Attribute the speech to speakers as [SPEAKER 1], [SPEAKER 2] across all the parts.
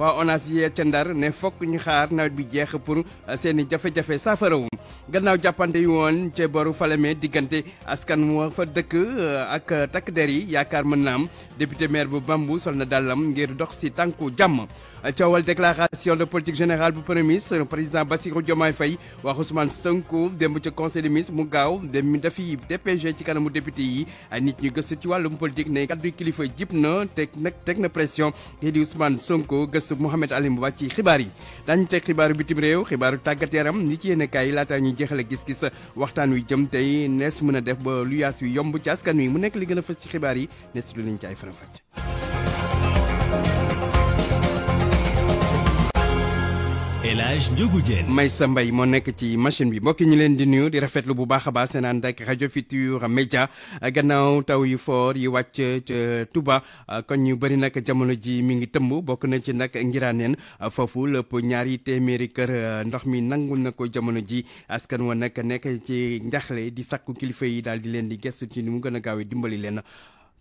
[SPEAKER 1] waa ONAS yi ca Ndar ne fokk ñu xaar nawet bi jeex a pour euh, seeni i jafe-jafe saafarawu gannaaw jàppante yi woon ca boru Falémé diggante askan wa fa dëkk euh, ak euh, takk der yi yaakaar mën na am député maire bu Bambou sol na dàllam ngir dox si tànku jàmm coowal déclaration de politique générale bu premier ministre président Bassirou Diomaye Faye wax Ousmane Sonko démb ci conseil des ministres mu gaw dem mi dafi DPG ci kanamu député yi nit ñu gëstu ci walum politique ne kaddu kilifa jipna tek nak tek na pression kii di Ousmane Sonko gëstu Mouhamed Ali Mbouba ci xibaar yi dañ teg xibaaru bitim rew xibaaru tagat yaram ni ci yene kay yi laataa ñuy gis-gis waxtaan wi jëm tay nees mëna def ba luyas wi yomb ci askan wi mu nek li gëna a ci xibaar yi nees lu nañ ci ay faram-fàcc El Hadj Ndiogou Diène Maysa Mbaye moo nekk ci machine bi mbokki ñu leen di nuyu di rafetlu bu baax a baax seen ànd ak rajo Futurs Médias gannaaw taw yu foor yi wàcc ca Touba kon ñu bëri nag jamono ji mi ngi tëmb bokk na ci nag Ngiraneen foofu lépp ñaari téeméeri kër ndox mi nangu na ko jamono ji askan wa nag nekk ci ndaxle di sakku kilifa yi daal di leen di gestu ci nu mu gën a gaaw dimbali leen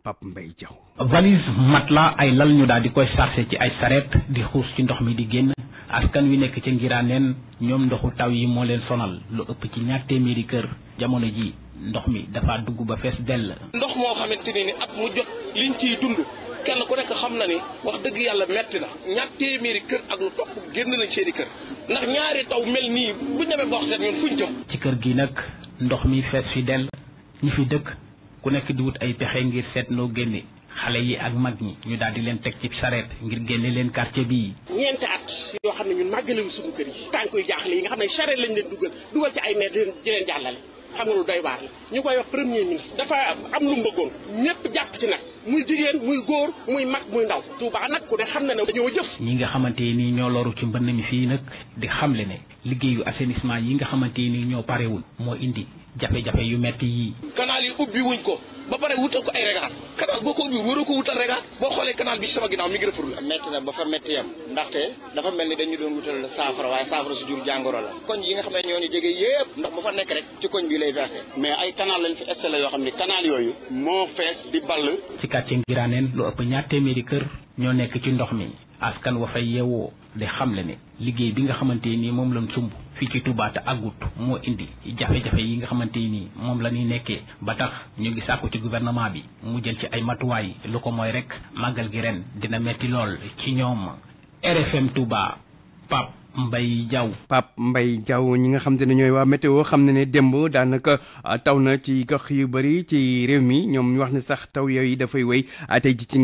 [SPEAKER 1] Pape Mbaye Diaw.
[SPEAKER 2] valise matelas ay lal ñu daal di koy chargé ci ay saret di xuus ci ndox mi di génn askan wi nekk ca Ngiraaneen ñoom ndoxu taw yi moo leen sonal lu ëpp ci ñaar téeméeri kër jamono ji ndox mi dafa dugg ba fees dell.
[SPEAKER 3] ndox moo xamante ni at mu jot liñ ciy dund. kenn ku nekk xam na ni wax dëgg yàlla metti na ñaar téeméeri kër ak lu topp génn nañ seeni kër
[SPEAKER 4] ndax ñaari taw mel nii bu demee ba ñun fuñ jëm.
[SPEAKER 2] ci kër gi nag ndox mi fees fi dell ñi fi dëkk. ku nekk di wut ay pexe ngir seet noo génne xale yi ak mag ñi ñu daal di leen teg ci sareet ngir génne leen quartier bii
[SPEAKER 3] ñeenti at yoo xam ne ñun màggalewu suñu kër yi tànk yu jaaxle yi nga lañ leen dugal dugal ay maire di leen jàllale xam nga ñu koy wax dafa am lu mbëggoon ñëpp jàpp ci muy góor muy mag muy ndaw Tuuba nag ku ne xam na ne dañoo jëf ñi
[SPEAKER 2] nga xamante nii ñoo loru ci mbënn mi fii nag di xamle ne liggéeyu assainissement yi nga xamante nii ñoo parewul moo indi jafe-jafe yu metti yii.
[SPEAKER 5] canal yi ubbi wuñ ko ba pare wutal
[SPEAKER 6] ko ay regard canal boo ko ubbi waroo ko wutal regard boo xoolee canal bi sama ginnaaw mi ngi rëfur la. metti na ba fa metti yam
[SPEAKER 1] ndaxte dafa mel ni dañu doon wutal saafara waaye saafara su jur jàngoro la. koñ yi nga xam ne ñoo ñu jege
[SPEAKER 6] yëpp ndox bu fa nekk rek ci koñ bi lay versé. mais ay canal lañ fi installé yoo xam ne canal yooyu moo fees
[SPEAKER 2] di ball. ci quartier Ngiraneen lu ëpp ñaar téeméeri kër ñoo nekk ci ndox mi askan wa fay yeewoo di xamle ne liggéey bi nga xamante ni moom lañ sumb fii ci Touba te àggut moo indi jafe-jafe yi nga xamante ni moom la ñuy nekkee ba tax ñu ngi sàkku ci gouvernement bi mu jël ci ay matuwaay lu ko moy rek màggal gi ren dina metti lool ci ñoom RFM Touba Pape Mbay Diaw
[SPEAKER 1] Pap Mbay Diaw ñi nga xam ne ñooy waa météo xam ne ne démb daanaka ah, taw na ci gox yu bëri ci réew mi ñoom ñu wax ne sax taw yooyu dafay ah, ci ci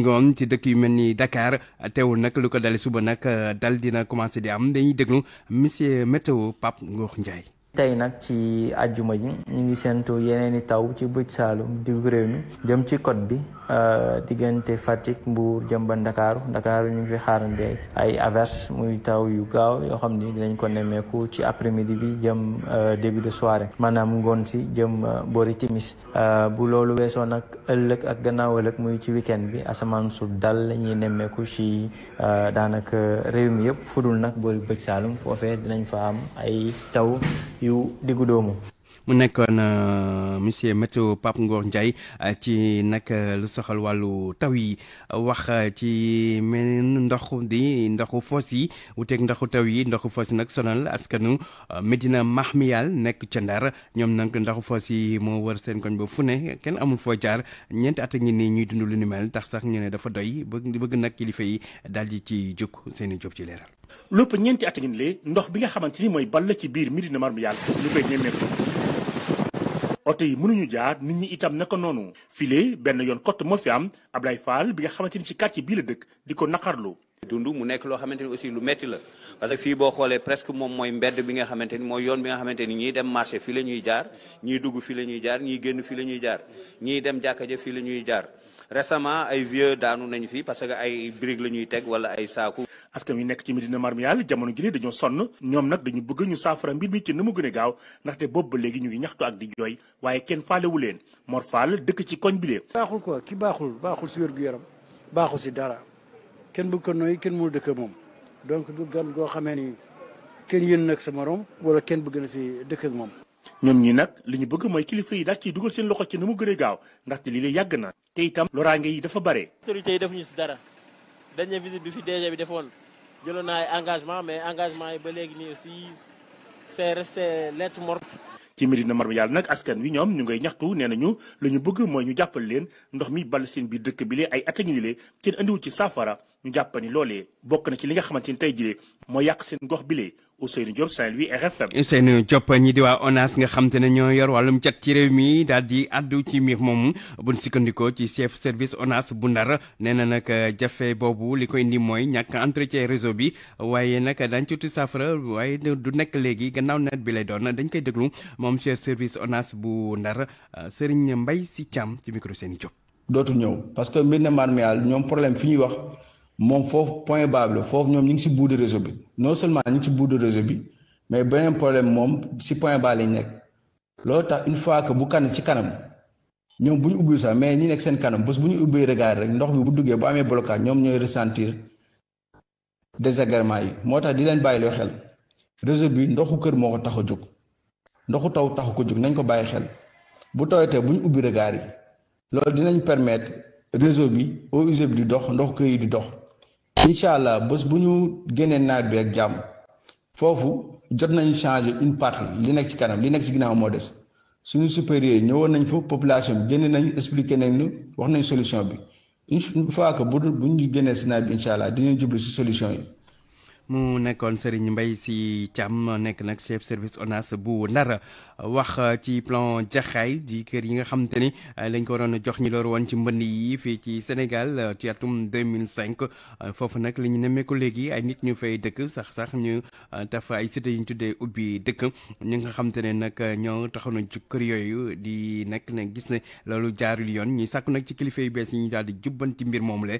[SPEAKER 1] dëkk yu Dakar ah, teewul nak lu ko suba nag dal dina commencé di am dañuy déglu monsieur météo Pap Ngor Ndiaye tey nag ci àjjuma ji ñu ngi séentu yeneen taw ci bëj saalum digg réew mi jëm ci côte bi euh, diggante Fatick Mbour jëm ba Ndakaaru Ndakaaru ñu ngi fi xaarande ay averse muy taw yu gaaw yoo xam ni dinañ ko nemmeeku ci après midi bi jëm euh, début de soirée maanaam ngoon si jëm euh, boori timis bu loolu weesoo nag ëllëg ak gannaaw ëllëg muy ci weekend bi asamaan su dal lañuy ñuy nemmeeku ci daanaka réew mi yëpp fudul nag boori bëj saalum foofee dinañ fa am ay taw e o Legudomo. mu nekkoon euh, monsieur météo Pape ngoor Ndiaye euh, ci nag euh, lu soxal wàllu taw yi wax ci men ndox di ndoxu foos yi wuteeg ndoxu taw yi ndoxu fos yi nag sonal askanu Medina Mahmiyal nekk ca Ndar ñoom nag ndoxu fos yi moo war seen koñ ba fu ne kenn amul foo jaar ñeenti at a ngi nii ñuy dund lu ni mel tax sax ñu ne dafa doy bëgg bëgg nag kilifa yi daal di ci jóg seeni
[SPEAKER 3] jóg ci leeral. lépp ñeenti at a ngi ndox bi nga xamante ni mooy ball ci biir Medina Mahmiyal lu koy oto yi mënuñu jaar nit ñi itam naka noonu file benn yoon kott moo fi am Ablaye Fall bi nga xamante ni ci quartier bii la dëkk di ko naqarlu dund mu nekk loo xamante ni aussi lu metti la parce que fii boo xoolee presque moom mooy mbedd bi nga xamante ni mooy yoon bi nga xamante ni ñii dem
[SPEAKER 1] marché fii la ñuy jaar ñii dugg fii la ñuy jaar ñii génn fii la ñuy jaar ñii dem jàkka ja fii la ñuy jaar récemment ay vieux daanu nañ fi parce que ay briques la ñuy teg wala ay saaku.
[SPEAKER 3] askan wi nekk ci Médina Marmial jamono gi dañoo sonn ñoom nag dañu bëgg ñu saafara mbir mi ci na mu gën a gaaw ndaxte boobu ba léegi ñu ngi ñaxtu ak di jooy waaye kenn faalewu leen Mor Fall dëkk ci koñ bi lee. baaxul
[SPEAKER 7] ko ki baaxul baaxul si wér-gu-yaram baaxul si dara kenn bëgg ko nooy kenn mënul dëkk moom donc du gan goo xamee ni kenn yéen nag sa morom wala kenn bëgg na si dëkk ak moom.
[SPEAKER 3] ñoom ñi nag li ñu bëgg mooy kilifa yi daal ciy dugal seen loxo ci nu mu gën a gaaw ndaxte lii la yàgg na te itam loraange yi dafa bare.
[SPEAKER 5] autorités yi defuñu si dara dernière visite bi fi DG bi defoon jëloo naa ay engagement mais engagement yi ba léegi nii aussi c'est resté lettre morte.
[SPEAKER 3] ci Médina Mar Yàlla nag askan wi ñoom ñu ngay ñaxtu nee nañu lu ñu bëgg mooy ñu jàppal leen ndox mi ball seen biir dëkk bi lee ay at a ngi lee kenn andiwu ci saafara ñu jàpp ni loolee bokk na ci li nga xamante ni tey jii moo yàq seen gox bi Ousseynou Diop Saint-Louis RFM.
[SPEAKER 1] Ousseynou Diop ñi di waa ONAS nga xam te ne ñoo yor wàllum cat ci réew mi daal di addu ci mbir moom bu ñu sukkandikoo ci chef service ONAS bu ndara nee na nag jafe boobu li ko indi mooy ñàkk entretien réseau bi waaye nag dañ ci tuuti saafara waaye du nekk léegi gannaaw nawet bi lay doon dañ koy déglu moom chef service ONAS bu ndar Serigne Mbaye si Thiam ci micro seen i
[SPEAKER 8] dootu ñëw na maanaam ñoom problème fi ñuy wax. mom foofu point bas la foofu ñoom ñu ngi si bout de réseau bi non seulement ñu ngi si bout de réseau bi mais beneen problème moom si point bas lañ nekk loolu tax une fois que bu kan ci kanam ñoom bu ñu ubbi sax mais ñi nekk seen
[SPEAKER 6] kanam bés bu ñu ubbee regard rek ndox bi bu duggee bu amee blocage ñoom ñooy ressentir désagrément yi moo tax di leen bàyyi loo xel réseau bi ndoxu kër moo ko tax jóg ndoxu taw taxu ko jóg nañ ko bàyyi xel bu tawetee bu ñu ubbi regard yi loolu dinañ
[SPEAKER 8] permettre réseau bi eaux usées bi di dox ndoxu kër yi di dox. incha allah bés bu ñu génnee nawet bi ak jàmm foofu jot nañu changer une partie li nekk ci kanam li nekk ci ginnaaw moo des suñu supérieur ñëwoon nañ fa population bi génne nañu expliqué nañu wax nañ solution bi une faa que bu bu ñu génnee si nawet bi incha allah dinañ jublu si solution yi.
[SPEAKER 1] mu nekkoon Serigne Mbaye Sy Thiam nekk nag chef service on ONAS bu Ndar wax ci plan jaxaay di kër yi nga xamante ni eh, lañ ko waroon a jox ñi loolu woon ci mbënd yi fii ci Sénégal eh, ci mille cinq eh, foofu nag li ñu nemmeeku léegi ay nit ñu fay dëkk sax sax ñu taf ay cité yu ñu tuddee ubbi dëkk ñi nga xamante ne nag ñoo taxaw na ju kër yooyu di nekk nag gis ne loolu jaarul yoon ñuy sàkku nag ci kilifa yu bees yi ñu daal di jubbanti mbir moom le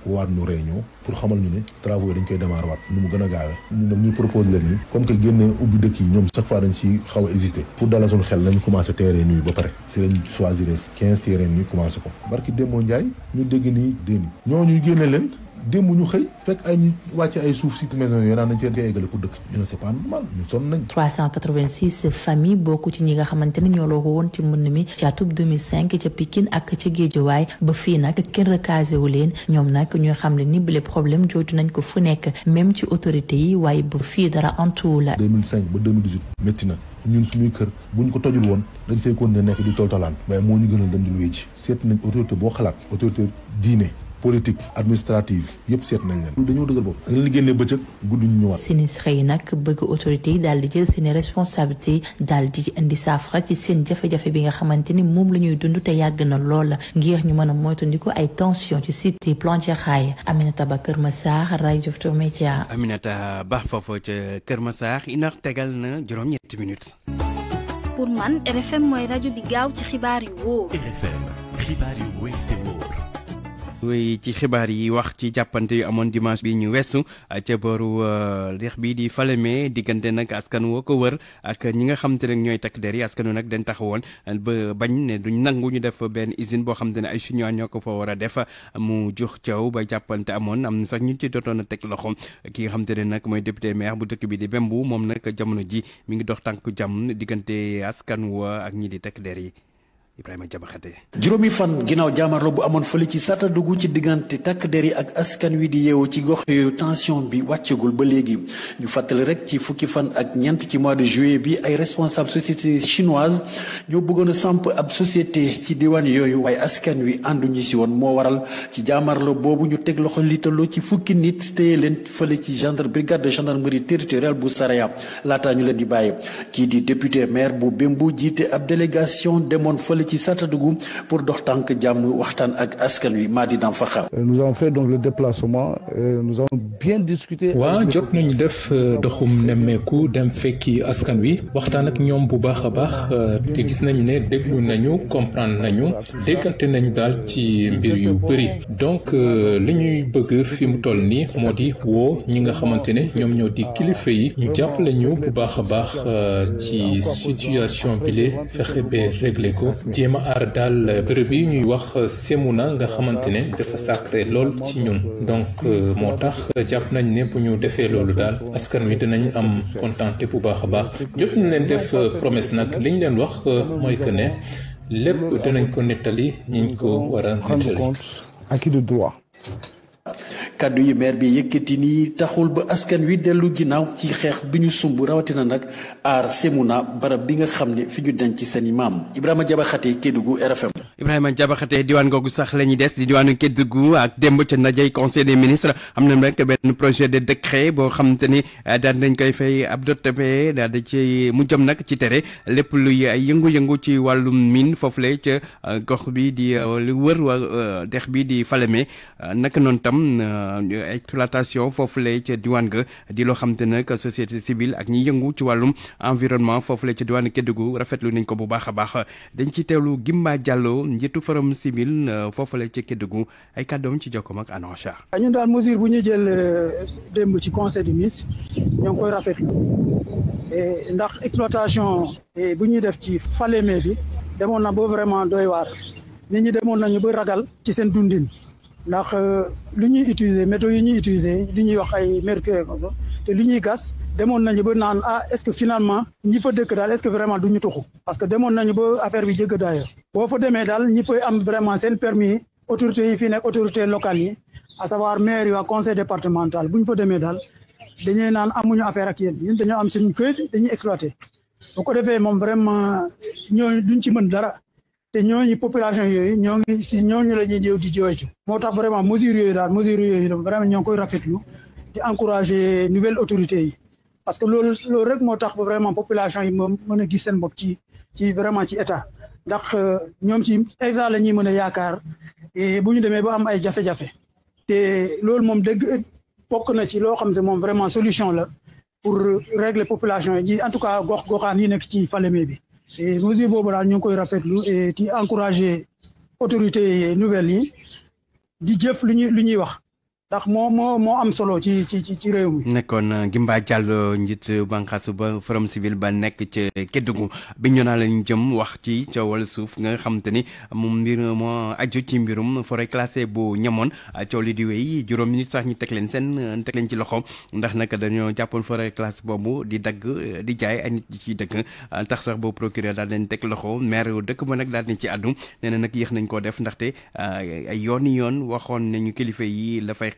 [SPEAKER 9] waat nu réunion pour xamal ñu ne travaux yi dañ koy démarrer waat nu mu gën a gaawee ñun nag propose leen ni comme que génne ubbi dëkk yi ñoom chaque fois dañ si xaw a hésité pour dalal suñu xel nañ commencé terrain nuyu ba pare si lañ choisir quinze terrain nuyu commencé ko barki démboo Ndiaye ñu dégg nii déeni ñooñu génne leen démb ñu xëy fekk ay ñu ay suuf si maison yooyu naan nañ fee koy eggale pour dëkk ñu ne c'est pas ñu
[SPEAKER 10] sonn nañ 386 bokk ci ñi nga xamante ne ñoo ko woon ci mbënn mi ci atub 2005 ca Pikine ak ca waaye ba fii nag kenn recasé wu leen ñoom nag ñuy xam ne ni bile problème jooytu nañ ko fu nekk même ci autorité yi waaye ba fii dara
[SPEAKER 9] wu la 2005 ba 2018 métti na ñun suñuy kër bu ñu ko tojul woon dañ fekkoon ne nekk di toltolaan waaye moo ñu gënal dem di luwee seet nañ autorité boo xalaat autorité diine politique administrative yëpp seet nañ leen dañoo dëggal bopp dañ leen génnee bëccëg guddi ñu ñëwaat
[SPEAKER 10] sinistre yi nag bëgg autorité yi daal di jël seeni responsabilité daal di indi saafara ci seen jafe-jafe bi nga xamante ni moom la ñuy dund te yàgg na lool ngir ñu mën a moytandiku ay tension ci cité Plandiaray Aminata Ba Kër Massar rajo Futurs
[SPEAKER 1] Aminata Ba foofu ca Kër Massar une heure tegal na juróom-ñetti minutes
[SPEAKER 6] pour man RFM mooy rajo bi gaaw
[SPEAKER 3] ci xibaar yu wóor RFM xibaar yu
[SPEAKER 8] wóor
[SPEAKER 1] oui ci xibaar yi wax ci jàppante yu amoon dimanche bi ñu weesu ah, ca booru dex ah, bi di Falémé diggante nag askan woo ko wër ak ñi nga xam te ñooy takk der yi askan wi nag dañ taxawoon ah, ba bañ ne duñ nangu ñu def benn usine boo xam te ne ay chinois ñoo ko fa war a def mu jox caw ba jàppante amoon am sax ñu ci dotoon a teg loxo ki nga xam ne nag mooy député mais bu dëkk bi di Bembu moom nag jamono ji mi ngi dox tànk jàmm diggante askan wa ak ñi di takk der yi. Ibrahima Jabaxate juróomi fan ginnaaw
[SPEAKER 7] jaamarlo bu amoon fële ci Satadugu ci diggante takk der yi ak askan wi di yeewu ci gox yooyu tension bi wàccagul ba léegi ñu fàttali rek ci fukki fan ak ñent ci mois de juillet bi ay responsable société chinoise ñoo bëggoon a samp ab société ci diwaan yooyu waaye askan wi ànduñu si woon moo waral ci jaamarlo boobu ñu teg loxo litaloo ci fukki nit téye leen fële ci gendre brigade de gendarmerie territoriale bu Saraya laataa ñu leen di bàyyi kii di député maire bu Bembu jiite ab délégation demoon dolli ci Satadougou pour dox tànk jàmm waxtaan ak askan wi Madina Fakha. nous avons fait donc le déplacement nous avons bien discuté. wa jot
[SPEAKER 11] nañu def euh, doxum nemmeeku dem fekki askan wi waxtan ak ñom bu baaxa baax euh, te gis nañ ne déglu nañu comprendre nañu déggante nañ dal ci mbir yu bari donc euh, liñuy bëgg fi mu toll ni modi wo ñi nga xamante ne ñoom ñoo di kilifa yi ñu jàppale ñu bu baaxa baax ci situation bi la fexe ba réglé ko. jéem a aar daal bërëb yi ñuy wax semu na nga xamante ne dafa sacré lool ci ñun donc euh, moo tax jàpp nañ ne bu ñu defee loolu daal askan wi dinañ am kontante bu baax a baax jot ñu leen def euh, promesse nag liñ leen wax euh, mooy que ne lépp dinañ ko nettali ñiñ ko war a nettali.
[SPEAKER 7] kàddu yi maire bi yëkkati nii taxul ba askan wi dellu ginnaaw ci xeex bi ñu sumb rawatina nag aar Semuna barab bi nga xam ne fi ñu denc seen i maam Ibrahima Jabaxate Kédougou RFM.
[SPEAKER 1] Ibrahima Jabaxate diwaan googu sax la ñuy des di diwaanu Kédougou ak démb ca ndajey conseil des ministres am na nag benn projet de décret boo xam te ni eh, daan nañ koy fay ab dotape daal di ci mu jëm nag ci tere lépp luy yëngu-yëngu ci wàllum mine foofule ca eh, gox bi di eh, lu wër wa dex bi di Falémé naka Euh, exploitation foofule ca diwaan ga di loo xam te nag société civile ak ñi yëngu ci wàllum environnement foofule ca diwaan Kédougou rafetlu nañ ko bu baax a baax dañ ci teewlu Gimba Diallo njiitu forum civil euh, foofule ca Kédougou ay kàddoom ci jokkoom ak
[SPEAKER 12] Anoucha.
[SPEAKER 7] ñun daal mesure bu ñu jël euh, démb ci conseil des ministres ñoo ngi koy rafetlu ndax exploitation bu ñuy def ci Falémé bi demoon na ba vraiment doy waar nit ñi demoon nañu ba ragal ci seen dundin. ndax euh, li ñuy utiliser métaux yi ñuy utiliser li ñuy wax ay mercure te li ñuy gas demoon nañu ba naan ah est-ce que finalement ñi fa dëkk daal est-ce que vraiment duñu ñu tuxu parce que demoon nañu ba affaire bi jégg dayo boo fa demee daal ñi fay am vraiment seen permis autorités yi fi nekk autorités locales yi à savoir maire yi waa conseil départemental buñ fa demee daal dañuy naan amuñu affaire ak yéen ñun dañoo am suñu këyit dañuy exploiter. bu ko defee moom vraiment ñooñu duñ ci mën dara te ñooñu population yooyu ñoo ngi ci ñooñu la ñuy jëw di jooytu moo tax vraiment mesure yooyu daal mesure yooyu daal vraiment ñoo ngi koy rafetlu di encourager nouvelle autorité yi parce que loolu loolu rek moo tax vraiment population yi moom mën a gis seen bopp ci ci vraiment ci état ndax euh, ñoom ci état la ñuy mën a yaakaar et bu ñu demee ba am ay jafe-jafe te loolu moom dëgg bokk na ci loo xam ne moom vraiment solution la pour régler population yi en tout cas gox goxaan yi nekk ci Falémé bi et mesure boobu daal ñu ngi koy rafetlu et di encourager autorités nouvelles yi di jëf lu ñuy lu ñuy wax ndax moo moo moo am solo ci ci ci réew mi.
[SPEAKER 1] nekkoon uh, Gimba Diallo njiit uh, bànqaasu ba forum civil ba nekk ci Kédougou bi ñu naa lañu jëm wax ci coowal suuf nga xam te ni mu mbir moo aju ci mbirum forêt classée bu ñamoon uh, coow li di wéy juróom nit sax ñu teg leen seen teg leen ci loxo ndax nag dañoo jàppoon forêt classée boobu di dagg di jaay ay nit ci dëkk tax sax boo procureur daal leen teg loxo mais maire dëkk ba nag daal nañ ci àddu nee nag yéex na koo def ndaxte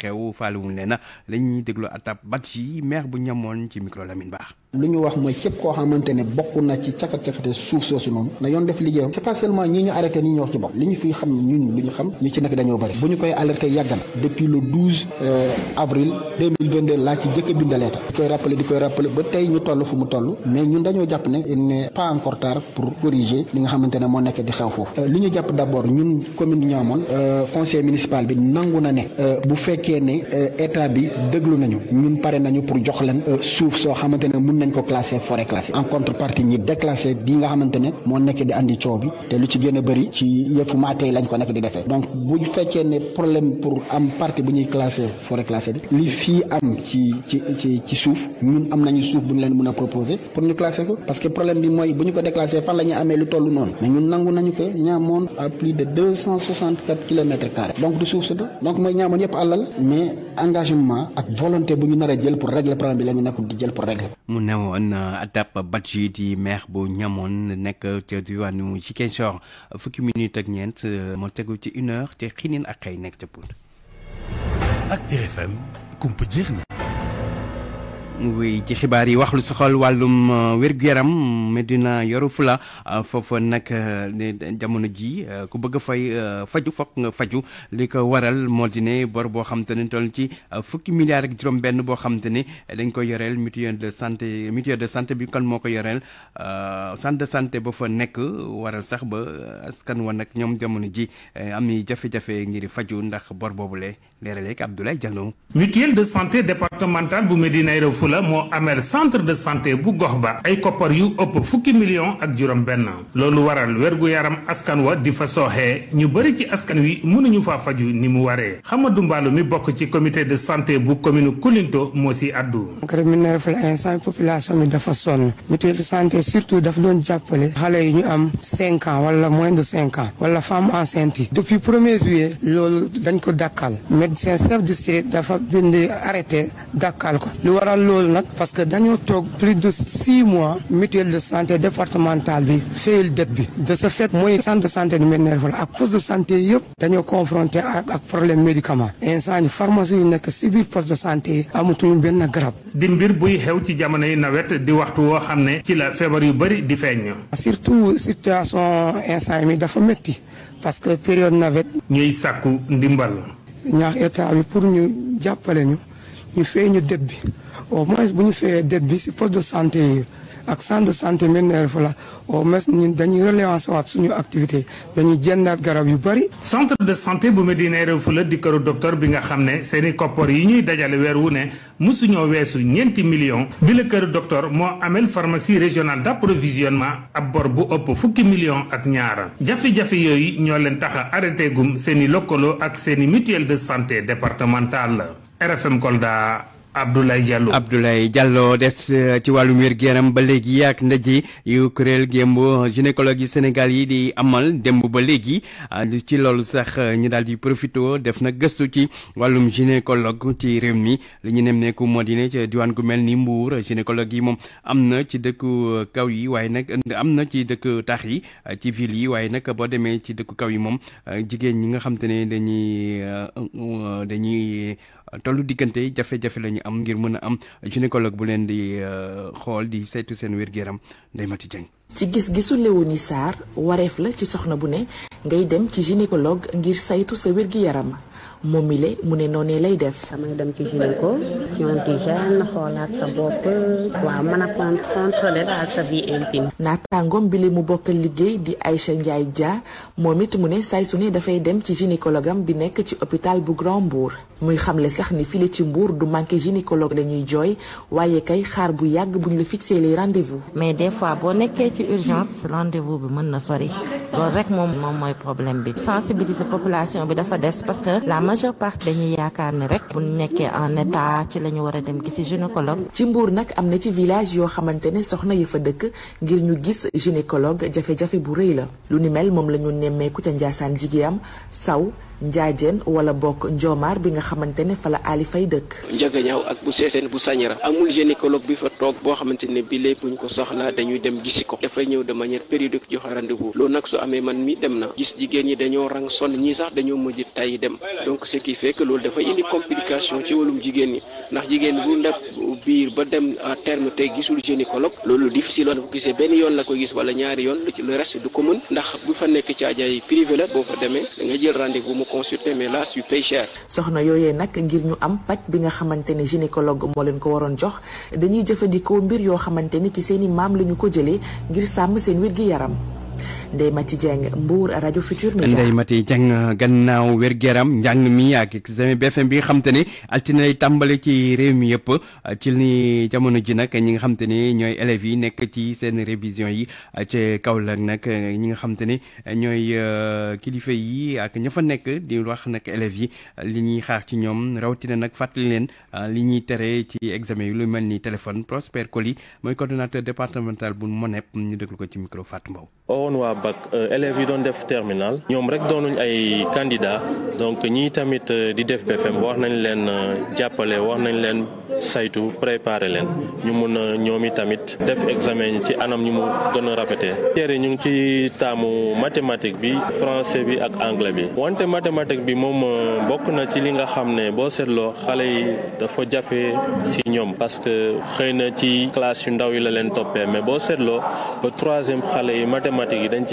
[SPEAKER 1] xew faaluwuñ leen la ñuy déglu Atab Badji maire bu ñamoon ci micro Lamine Ba.
[SPEAKER 6] lu wax mooy képp koo xamantene ne na ci cakat-cakate suuf soosu noonu na yoon def liggéeyam c'est pas seulement ñi ñu arrêté ni ñu ci bokk li ñu fi xam ñun lu ñu xam ñu ci nekk dañoo bëri bu ñu koy alerté yàgg depuis le 12 euh, avril 2022 laa ci jëkke a bind lettre di koy rappelé di koy rappelé ba tey ñu toll fu mu toll mais ñun dañoo jàpp ne il n'est pas encore tard pour corriger li nga xamantene ne moo nekk di xew foofu euh, li ñu jàpp d'abord ñun commune Niamone euh, conseil municipal bi nangu na ne bu fekkee ne état bi déglu nañu ñun pare nañu pour jox leen suuf soo xamante ne nañ ko classé forêt classée en contrepartie ñi déclassé bi nga xamantene mo moo nekk di andi coow bi té lu ci gën a bëri ci yefu maté lañ ko nekk di défé donc bu fekkee né problème pour am partie bu ñuy classé forêt classée les li fi am ci ci ci ci ñun am nañu souf bu leen mëna a proposé pour ñu classer ko parce que problème bi moy buñu ko déclassé fan lañu amé lu tollu non mais ñun nangu nañu ko monde à plus de 264 km carré donc du souf c'est donc moy ñaamoon yépp alal mais engagement ak volonté bu ñu nara jël pour régler problème bi lañu ñu di jël pour régler
[SPEAKER 1] newoon uh, Atab Badji di maire bu ñamoon nekk ca diwaanu Ziguinchor fukki minute ak ñeent uh, mo tegu ci une heure te xinin ak xëy nekk ca
[SPEAKER 3] ak RFM kumpa
[SPEAKER 1] oui ci xibaar yi wax lu soxal wàllum euh, wér-gu-yaram Medina Yoro Fula euh, foofa nag euh, jamono ji ku bëgg a fay faju fokk nga faju li ko waral moo di ne bor boo xam te ne toll ci fukki milliards ak juróom-benn boo xam te ne dañ ko yoreel mutuelle de santé mutuelle de santé bi kon moo ko yoreel centre de santé ba fa nekk waral sax ba askan wa nag ñoom jamono ji am i jafe-jafe ngir faju ndax bor boobule leeraleeg Abdoulaye Diallo.
[SPEAKER 12] mutuelle de santé départementale bu Medina Yoro Fula moo ameel centre de santé bu gox ay koppar yu upp fukki million ak juram benn loolu waral wergu yaram askan wa di fa sooxee ñu bari ci askan wi mënu ñu fa faju ni mu waré Xamadu mbalu mi bok ci comité de santé bu commune kulinto mo si addu
[SPEAKER 1] kër Mineur Fula instant population bi dafa sonn mutuelle de santé surtout daf doon jappelé xalé yi ñu am 5 ans wala moins de 5 ans wala femme enceinte depuis 1er juillet loolu dañ ko dakkal médecin chef de district dafa bind arrêté dakkal ko lu waral loolu nag parce que dañoo toog plus de six mois mutuelle de santé départementale bi fayal dette bi de ce fait mooy centre de santé de médina ak poste de santé yëpp dañoo confronté ak ak problème médicament instant
[SPEAKER 6] pharmacie yu nekk si biir poste de santé yi amatuñu benn garab.
[SPEAKER 12] di mbir buy xew ci jamono yi nawet di waxtu woo xam ne ci la feebar yu bëri di feeñ. surtout
[SPEAKER 6] situation instant mi dafa métti parce que période nawet. ñuy sakku ndimbal.
[SPEAKER 1] ñaax état
[SPEAKER 6] bi pour ñu jàppale ñu ñu fay ñu bi au moins bu ñu fayee dette bi si poste de santé yi ak centre de santé mel fa la au moins ñun dañuy relance waat suñu activité
[SPEAKER 12] dañuy jëndaat garab yu bari. centre de santé bu Médina Yoro Foulah di këru docteur bi nga xam ne seen i koppar yi ñuy dajale weer wu ne mosuñoo weesu ñeenti millions bi la këru docteur moo amel pharmacie régionale d' approvisionnement ab bor bu ëpp fukki millions ak ñaara. jafe-jafe yooyu ñoo leen tax a arrêté gum seen i lëkkaloo ak seen i mutuelle de santé départementale RFM Kolda. Abdoulaye Diallo Abdoulaye
[SPEAKER 1] Diallo des euh, ci wàllum wér-gu-yaram ba léegi ak ndaje yu kuréel gémbo gynécologue yi Sénégal yi di amal démb ba léegi ah, ci loolu sax euh, ñu daal di profito def na gëstu ci wàllum gynécologue ci réew mi li ñu nemmeeku moo di ci diwaan gu mel ni Mbour gynécologue yi moom am na ci dëkku euh, kaw yi waaye nag am na ci dëkk taax yi ci ville yi waaye nag boo demee ci dëkku kaw yi moom jigéen ñi nga xam ne dañuy dañuy tollu diggante jafe-jafe la ñu am ngir mën a am gynécologue bu leen di euh, xool di saytu seen wér-gu-yaram nday Mati Dieng
[SPEAKER 10] ci gis-gisu Léonie Sarr wareef la ci soxna bu ne ngay dem ci gynécologue ngir saytu sa wér gi yaram moom mi le mu ne noonee lay def. damay dem ci sa bopp waaw mën a contrôler daal sa vie intime. naataangoom bi li mu bokkal liggéey di Aïcha Ndiaye Dia moom it mu ne say su ne dafay dem ci gynécologue bi nekk ci hôpital bu Grand Mbour muy xam xamle sax ni file ci mbuur du manqué gynécologue la ñuy jooy waaye kay xaar bu yàgg buñ la fixé les rendez-vous. mais des fois boo nekkee ci urgence rendez bi mën na sori loolu rek moom moom mooy problème bi sensibiliser population bi dafa des parce que la majeure partie dañuy yaakaar ne rek bu nekkee en état ci la ñu war a dem gisi gynécologue ci Mbour nag am na ci village yoo xamante ne soxna yi fa dëkk ngir ñu gis gynécologue jafe-jafe bu rëy la lu ni mel moom la ñu nemmeeku ca Njaasaan jigéeyam saw Njaajeen wala bokk Njoomaar bi nga xamante ne fa la Ali Faye dëkk.
[SPEAKER 6] Njagañaaw ak bu Seeseen bu Sañara amul gynécologue bi fa toog boo xamante ne bi lépp buñ ko soxlaa dañuy dem gisi ko dafay ñëw de manière périodique joxe rendez-vous loolu nag su amee man mi dem na gis jigéen ñi dañoo rang sonn ñii sax dañoo mujj tay dem donc ce qui fait que loolu dafay indi complication ci wàllum jigéen ñi ndax jigéen bu ndab biir ba dem à terme te gisul gynécologue loolu difficile woon bu gisee benn yoon la ko gis wala ñaari yoon le reste du ko mën ndax bu fa nekk ci ajaay privé la boo fa demee da nga jël rendez-vous mu consulter mais là tu
[SPEAKER 10] soxna yooyee nag ngir ñu am paj bi nga xamante ne gynécologue moo leen ko waroon jox dañuy jëfandikoo mbir yoo xamante ni ci seen i maam lañu ko jëlee ngir sàmm seen wér gi yaram. Ndeye Mati Dieng Mbour rajo Futur Media. Ndeye
[SPEAKER 1] Mati Dieng gannaaw wér-gu-yaram njàng mi ak examen BFM bi nga xam ne altine lay tàmbale ci réew mi yëpp ci ni jamono ji nag ñi nga xam te ne ñooy élèves yi nekk ci seen révision yi ci Kaolack nag ñi nga xam te ne ñooy euh, kilifa yi ak ña fa nekk di wax nag élèves yi li ñuy xaax ci ñoom rawatina nag fàttali leen euh, li ñuy tere ci examen yi lu mel ni téléphone Prosper Coly mooy coordonnateur départemental bu MONEP ñu déglu ko ci micro Fatou
[SPEAKER 5] Mbow. bac euh, élèves yi doon def terminal ñoom rek doonuñ ay candidat donc ñii tamit euh, di def BFM wax nañ leen euh, jàppale wax nañ leen saytu préparer leen ñu mun a ñoom tamit def examen ci anam ñu mu gën a rafetee téere ñu ngi ci taamu mathématique bi français bi ak anglais bi wante mathématique bi moom bokk na ci li nga xam ne boo seetloo xale yi dafa jafe si ñoom parce que xëy na ci classe yu ndaw yi la leen toppee mais boo seetloo ba troisième xale yi mathématique yi dañ ci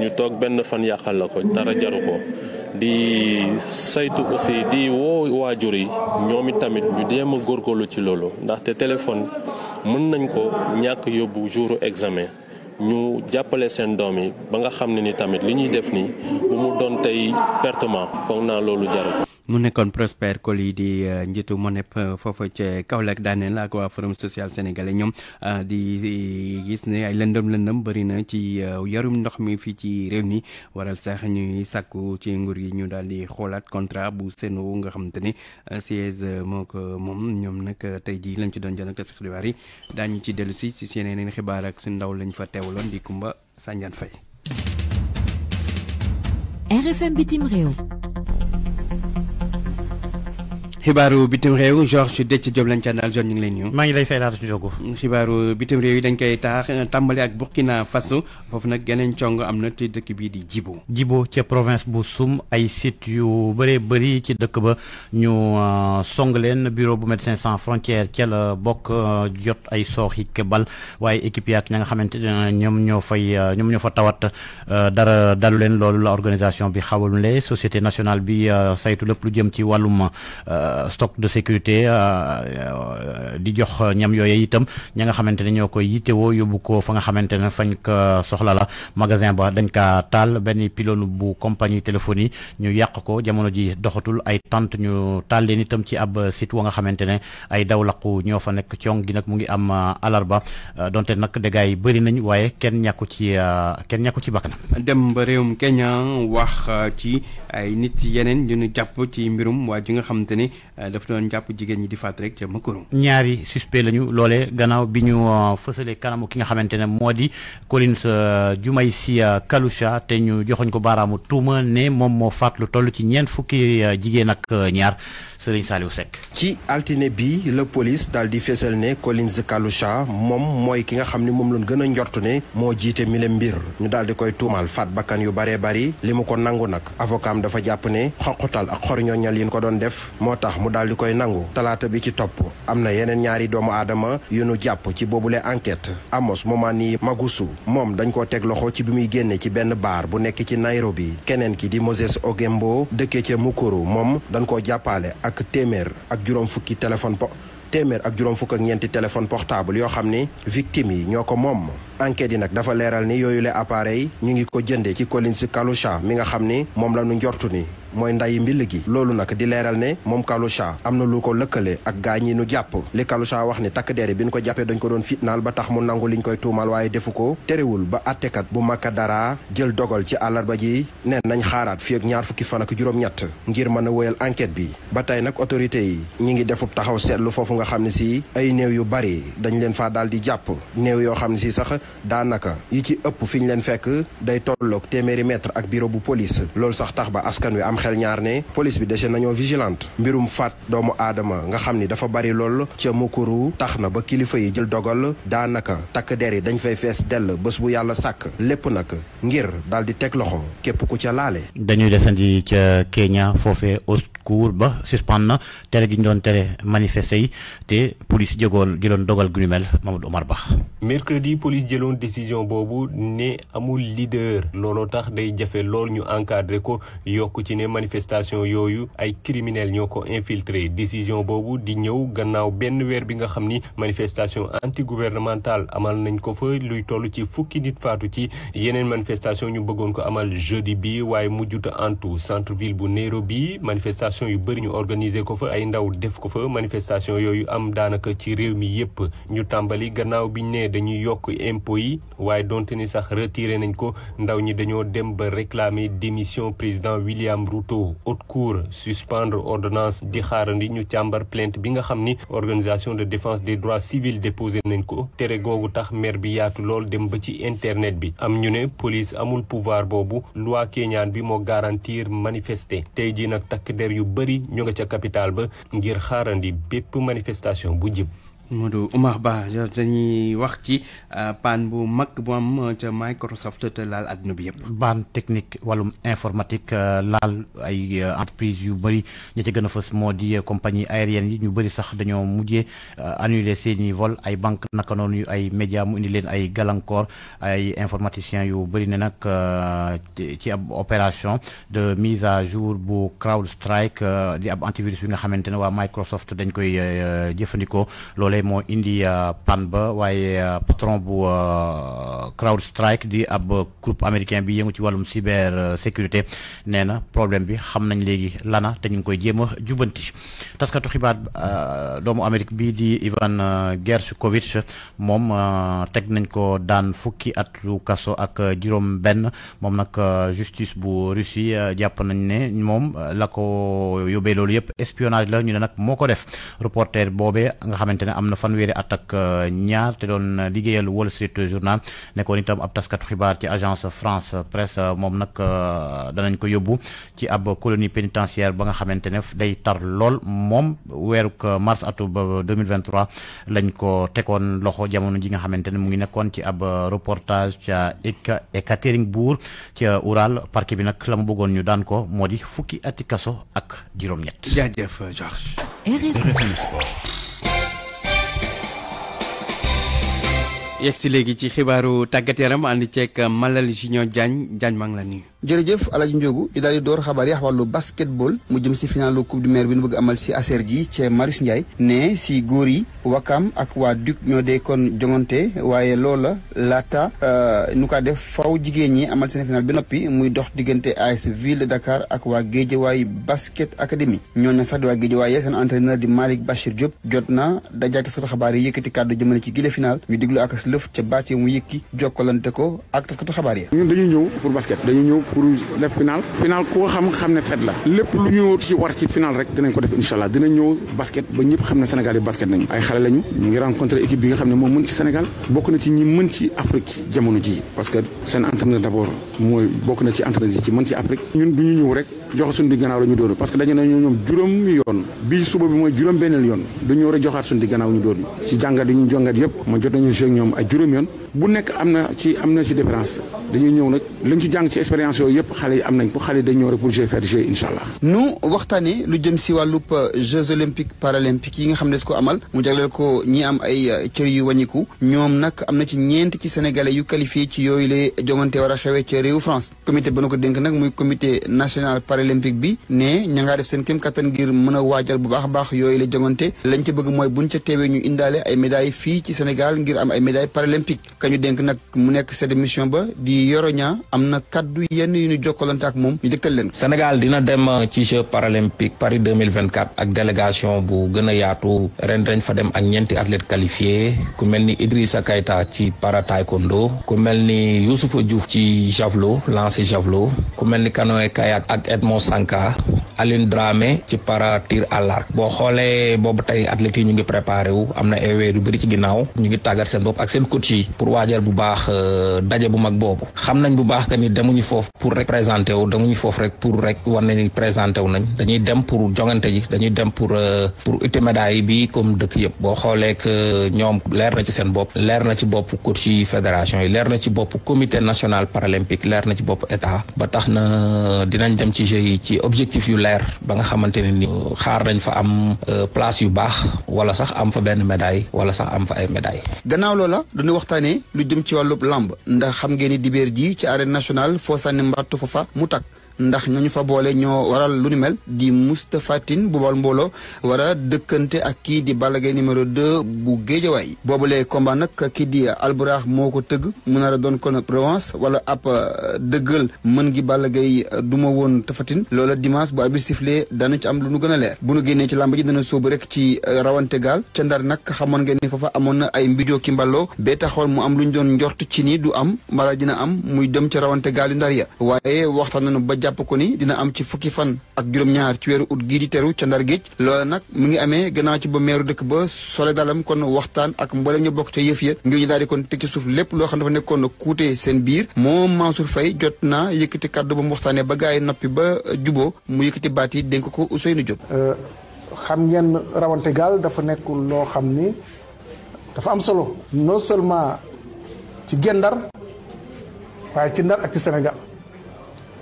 [SPEAKER 5] ñu toog benn fan yàqal la ko dara jaru ko di saytu aussi di woo waajur yi ñoom it tamit ñu jéem a góorgóorlu ci loolu ndaxte téléphone mën nañ ko ñàkk yóbbu jouru examen ñu jàppale seen doom yi ba nga xam ne ni tamit li ñuy def nii bu mu doon tey pertement foog naa loolu jaru ko
[SPEAKER 1] mu nekkoon Prosper Coly di eh, njiitu MONEP eh, foofa ca Kaolack daaneel ak waa forum social sénégalais ñoom eh, di gis ne ay lëndëm lëndëm bëri na ci yarum ndox mi fii ci réew ni waral sax ñuy sàkku ci nguur yi ñu daal di xoolaat contrat bu Sen'Eau nga xamante ni siège moo ko moom ñoom nag tey jii lañ ci doon jël ak tas xibaar yi daañu ci dellusi si si yeneen xibaar ak suñu ndaw lañu fa teewaloon di Kumba Sanjaan Faye
[SPEAKER 10] RFM bitim réew.
[SPEAKER 1] xibaaru bitim réew Georges Dëcc Diop lañ ca daal zone ngi lay nuyu. maa ngi lay fay laata jógu xibaaru bitim réew yi dañ koy taax euh, tàmbali ak Burkina Faso foofu nag geneen cong am na ci dëkk bii di Djibo.
[SPEAKER 13] Djibo ca province bu Soum ay sites yu bëree bëri ci dëkk ba ñu euh, song leen bureau bu médecin sans frontières ca la bokk euh, jot ay sooxi kebal waaye équipe yaak ña nga xamante ne ñoom ñoo fay ñoom ñoo fa tawat dara dalu leen loolu la organisation bi xawalule société nationale bi saytu lépp lu jëm ci wàllum. Euh, stock de sécurité euh, euh, di jox ñam yooyu itam ña nga xamante ne ñoo koy yittewoo yóbbu ko fa nga xamante ne fañ ko soxla la magasin ba dañ kaa taal benn pylône bu compagnie téléphonie ñu yàq ko jamono ji doxatul ay tant ñu taal leen itam ci ab site wa nga xamante ne ay daw ñoo fa nekk cong gi nag mu ngi am ba donte nag dégâts yi bëri nañ waaye kenn ñàkku ci kenn ñàkku ci bakkanam
[SPEAKER 1] dem ba réewum Kenya wax ci ay nit yeneen ñu ñu jàpp ci mbirum waa ji nga xamante ni Euh, dafa doon jàpp jigéen ñi di faat rek ca Makoro.
[SPEAKER 13] ñaari suspect lañu loole gannaaw bi ñu euh, fësalee kanamu ki nga xamante ne moo di Collins Jumaisi euh, Kalusha te ñu joxoñ ko baaraamu tuuma ne moom moo faat toll ci ñeent fukki jigéen ak ñaar Serigne Saliou Seck. ci
[SPEAKER 4] altine bi la police daal di fésal ne Collins Kalusha moom mooy ki nga xam ne moom lañ gën a njortu ne moo jiite mile mbir ñu daal di koy tuumaal faat bakkan yu baree bari li mu ko nangu nag avocat dafa jàpp ne xoqatal ak xor ñooñal yi ñu ko doon def ndax mu daal di koy nangu talaata bi ci topp am na yeneen ñaari doomu aadama yu nu jàpp ci boobu boobule enquête Amos Momani Magusu moom dañ koo teg loxo ci bi muy génne ci benn baar bu nekk ci Nairobi keneen ki di Moses Ogembo dëkkee ca Mukuru moom dañ koo jàppale ak téeméer ak juróom fukki téléphone po téeméer ak juróom fukk ak ñeenti téléphone portable yoo xam ni victime yi ñoo ko moom enquête yi nag dafa leeral ni yooyu le appareil ñu ngi ko jëndee ci Collins Kalusha mi nga xam ni moom la ñu njortu ni mooy ndayi mbill gi loolu nak di leeral ne moom Kalusha am na lu ko lëkkale ak gaañi nu jàpp li Kalusha wax ni takk deere bi ko jàppee dañ ko doon fitnaal ba tax mu nangu liñ koy tuumal waaye defu ko terewul ba attekat bu makka dara jël dogal ci àllarba ji ne nañ xaaraat fi ak ñaar fukki fan ak ngir mën a enquête bi ba tey nag autorité yi ñi ngi defub taxaw nga si ay yu bari dañ leen faa di jàpp néew yo xam si sax daanaka yi ci ëpp fi ñu leen fekk day tolloog téeméeri mètre ak bureau bu police lol sax tax ba askan wi am xel ñaar ne police bi dese nañoo vigilante mbirum faat doomu aadama nga xam ni dafa bari lool ca Mukuru tax na ba kilifa yi jël dogal daanaka takk der yi dañ fay fees dell bés bu yàlla sàkk lépp nag ngir daal di teg loxo képp ku ca laale.
[SPEAKER 13] dañuy desandi ca Kenya foofee recours ba suspend na tere doon tere manifester yi te police jëgoon jëloon dogal grumel mel Mamadou Omar bah
[SPEAKER 14] mercredi police jëloon décision bobu ne amul leader lolo tax day jafé lool ñu encadré ko yok ci né manifestation yoyu ay criminels ñoko infiltrer décision Bobu di ñew gannaaw benn weer bi nga xamni manifestation anti gouvernementale amal nañ ko fa luy tollu ci fukki nit fatu ci yenen manifestation ñu bëggoon ko amal jeudi bi waaye mujjuta antu centre ville bu Nairobi manifestation manifestation yu bari ñu organiser ko fa ay ndaw def ko fa manifestation yoyu am danaka ci réew mi yépp ñu tambali gannaaw biñ né dañuy yok impôts yi waye donte ni sax retiré nañ ko ndaw ñi dañoo dem ba réclamer démission président William Ruto haute cour suspendre ordonnance di xaarandi ñu càmbar plainte bi nga xamni organisation de défense des droits civils déposé nañ ko téré googu tax mer bi yaatu lool dem ba ci internet bi am ñu né police amul pouvoir bobu, loi Kenyan bi mo garantir manifester bëri ñu nga ca capital ba ngir xaarandi bépp manifestation bu jib
[SPEAKER 1] Modou Omar Ba dañuy wax ci euh, panne bu mag bu am euh, ca Microsoft te laal àdduna bi
[SPEAKER 13] ban technique walum informatique euh, laal ay entreprise yu bari ñi ci gëna a modi compagnie aérienne yi ñu bari sax dañoo mujjé annuler seeni vol ay banque naka yu ay média mu indi leen ay galancor ay informaticien yu bari né nak ci ab opération de mise à jour bu CrowdStrike di ab antivirus bi nga xamantene wa Microsoft dañ koy jëfandikoo loolee. loolee moo indi euh, pan ba waaye euh, patron bu euh, CrowdStrike di ab groupe américain bi yëngu ci wàllum cyber sécurité nee na problème bi xam nañ léegi lana te ñu ngi koy jéem a jubbanti taskatu xibaar doomu Amérique bi di Ivan Gershkovich moom teg nañ ko daan fukki atu kaso ak juróom benn moom nag justice bu Russie jàpp nañ ne moom la ko yóbbee loolu yëpp espionnage la ñu ne nag moo ko def reporter boobe nga xamante ne am am na fanweeri at ak euh, ñaar te doon liggéeyal Wall Street Journal nekkoon itam ab taskatu xibaar ci agence France Presse euh, moom nag euh, danañ ko yóbbu ci ab colonie pénitentiaire ba nga xamante ne day tar lool moom weeruk mars atu ba 2023 lañ ko tegoon loxo jamono ji nga xamante ne mu ngi nekkoon ci ab reportage ca Ekaterinbourg ca Ural parc bi nag la mu bëggoon ñu daan ko moo di fukki ati kaso ak juróom-ñett.
[SPEAKER 1] yegg si léegi ci xibaaru tàggat yaram ànd ceeg Malal Junior Diagne Diagne maa ngi la nuyu.
[SPEAKER 15] jërëjëf Alaaji Ndiogu ñu daal di door xabaar yi wax wàllu basketball mu jëm si finalu coupe du maire bi nu bëgg amal si aser ji ci Marius Ndiaye ne si góor yi Wakam ak waa Duc ñoo dee kon jongante waaye loola laata euh, nu kaa def faw jigéen ñi amal seen final bi noppi muy dox diggante AS Ville de Dakar ak waa Guédiawaye Basket Academy ñooñu sax di waa Guédiawaye seen entraîneur di Malick Bachir Diop jot na dajaate sota xabaar yi kàddu jëmale ci gile ñu diglu ak lëf ca baat ya mu yëkki jokkalante ko
[SPEAKER 11] ak taskatu xabaar ya ñun dañuy ñëw pour basket dañuy ñëw pour def final final ko xam xam ne fet la lépp lu ñu ci war ci final rek dinañ ko def incha allah dinañ ñëw basket ba ñëpp xam ne Sénégal yi basket nañu ay xale lañu ñu ngi rencontré équipe bi nga xam ne moo mën ci Sénégal bokk na ci ñi mën ci Afrique jamono ji parce que seen entraîneur d'abord mooy bokk na ci entraîneur yi ci mën ci Afrique ñun du ñu ñëw rek joxe suñu di gannaaw la ñu dóor parce que dañu ne ñoom juróom yoon bii suba bi mooy juróom benn yoon dañu war a joxaat suñu di gannaaw ñu dóor ci jàngat yi ñu jongat yëpp ma jot nañu jeu ñoom ay juróom yoon bu nekk am na ci am na ci différence dañuy ñëw nag lañ ci jàng ci expérience yooyu yëpp xale yi am nañ ko xale yi dañ ñëw rek pour jouer faire
[SPEAKER 15] lu jëm si wàllub euh, Jeux olympiques paralympiques yi nga xam ne su ko amal mu jagleel ko ñi am ay euh, cër yu wàññiku ñoom nag am na ci ñeent ci sénégalais yu qualifié ci yooyu le jongante war a xewee ci réew France. comité ba nu ko dénk nag muy comité national paralympique bi ne ña ngaa def seen kéem kattan ngir mën a waajal bu baax baax yooyu lay jongante lañ ci bëgg mooy buñ ca ñu indaale ay médailles fii ci Sénégal ngir am ay médailles paralympiques ñu dénk nag mu nekk cette mission ba di yoroña am na kàddu yenn yu ñu jokkalante ak moom ñu dëkkal leen
[SPEAKER 11] Sénégal dina dem ci Jeux paralympiques Paris 2024 ak délégation bu gën a yaatu ren dañ fa dem ak ñeenti athlètes qualifiés ku mel ni Idrissa Keita ci para taekwondo ku mel ni yusufa Diouf ci javelot lancé javelot ku mel ni canoë kayak ak Edmond Sanka Aline Dramé ci para tir à bohole boo tay atleti tey athlètes yi ñu ngi préparé wu amna na ay weer yu bëri ci ginnaaw ñu ngi tàggat seen bopp ak seen coach yi pour waajal bu baax euh, daje bu mag boobu xam nañ bu baax que ni demuñu foofu pour rek présenté wu demuñu foofu rek pour rek war ni présenté wu nañ dañuy dem pour jongante ji dañuy dem pour euh, pour uti médaille bi comme dëkk yëpp boo xoolee que ñoom leer na ci seen bopp leer na ci bopp coach yi fédération yi na ci comité national paralympique leer na ci bopp état ba tax na euh, dinañ dem ci jeux yi ci objectif yu leer ba nga xamante ne ni xaar dañ fa am euh, place yu baax wala sax am fa benn médaille wala sax am fa ay médaille
[SPEAKER 15] gannaaw loola dañu waxtaanee lu jëm ci wàllub lamb ndax xam ngeen ni dibeer ji ci arène nationale foo sànni mbattu fa fa mu takk ndax ñooñu fa boole ñoo waral lu ni mel di Moustapha Tine bu bal mbooloo war dëkkante ak kii di Balla Gaye numéro 2 bu Géejawaay boobulee combat nag kii di Alburax moo ko tëgg mu nar a doon kon revanche wala ab euh, dëggal mën gi Balla Gaye euh, du ma woon tafatin loola dimance bu arbitre sifflé danu ci am lu nu gën a leer bu nu génnee ci làmb ji dana sóobu rek ci euh, rawante gaal ca ndar nag xamoon ngeen ni foofa amoon na ay mbijoo ki mballoo bee taxoon mu am lu ñu doon njort ci nii du am mbala dina am muy dem ca rawante gaal ya jàpp ko ni dina am ci fukki fan ak juróom-ñaar ci weeru ut gii di teru ca ndar géej loola nag mu ngi amee gannaaw ci ba meeru dëkk ba sole dalam kon waxtaan ak mboolem ñu bokk ca yëf ya ngir ñu daal di kon teg ci suuf lépp loo xam dafa nekkoon kuute seen biir moom Mansour Faye jot naa yëkkati kàddu ba mu waxtaanee ba gars yi noppi ba juboo mu baat yi dénk ko Ousseynou Diop euh, xam ngeen rawante gaal
[SPEAKER 6] dafa nekkul loo xam ni dafa am solo non seulement ci Guet Ndar waaye ci Ndar ak ci Sénégal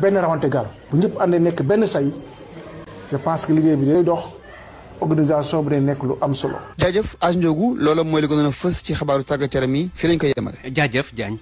[SPEAKER 6] benn rawante gaal bu ñëpp àndee nekk benn say je pense que liggéey bi day dox organisation bu day nekk lu am solo.
[SPEAKER 15] jaajëf As Ndiogou loola mooy li gënoon a fës ci xabaaru tàggat yaram yi fii lañ koy yemale. jaajëf Diagne.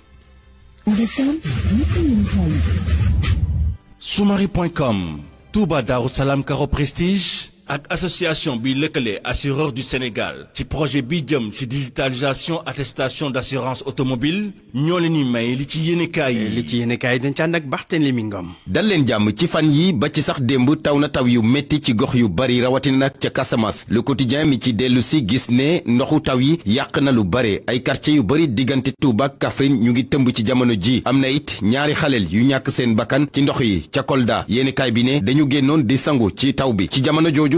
[SPEAKER 8] Soumari.com Touba Darou Salam Caro Prestige. ak association bi assureur du Sénégal ci projet bi jëm digitalisation attestation d'assurance automobile ñoo ni may li ci yéenekaay yi li ci yéenekaay yi dañ ca ànd ak Barthélémy Ngom dal leen jàmm ci fan yi ba ci sax na taw yu metti ci yu bari rawatina le quotidien mi ci delu ci gis ne noxu taw yi yàq na lu bare ay quartier yu bari Digante Touba Kaffrine ñu ngi tëmb ci jamono ji amna it ñaari xaleel yu ñak seen bakan ci ndox yi ca Kolda kay bi ne dañu di sangu ci taw bi ci jamono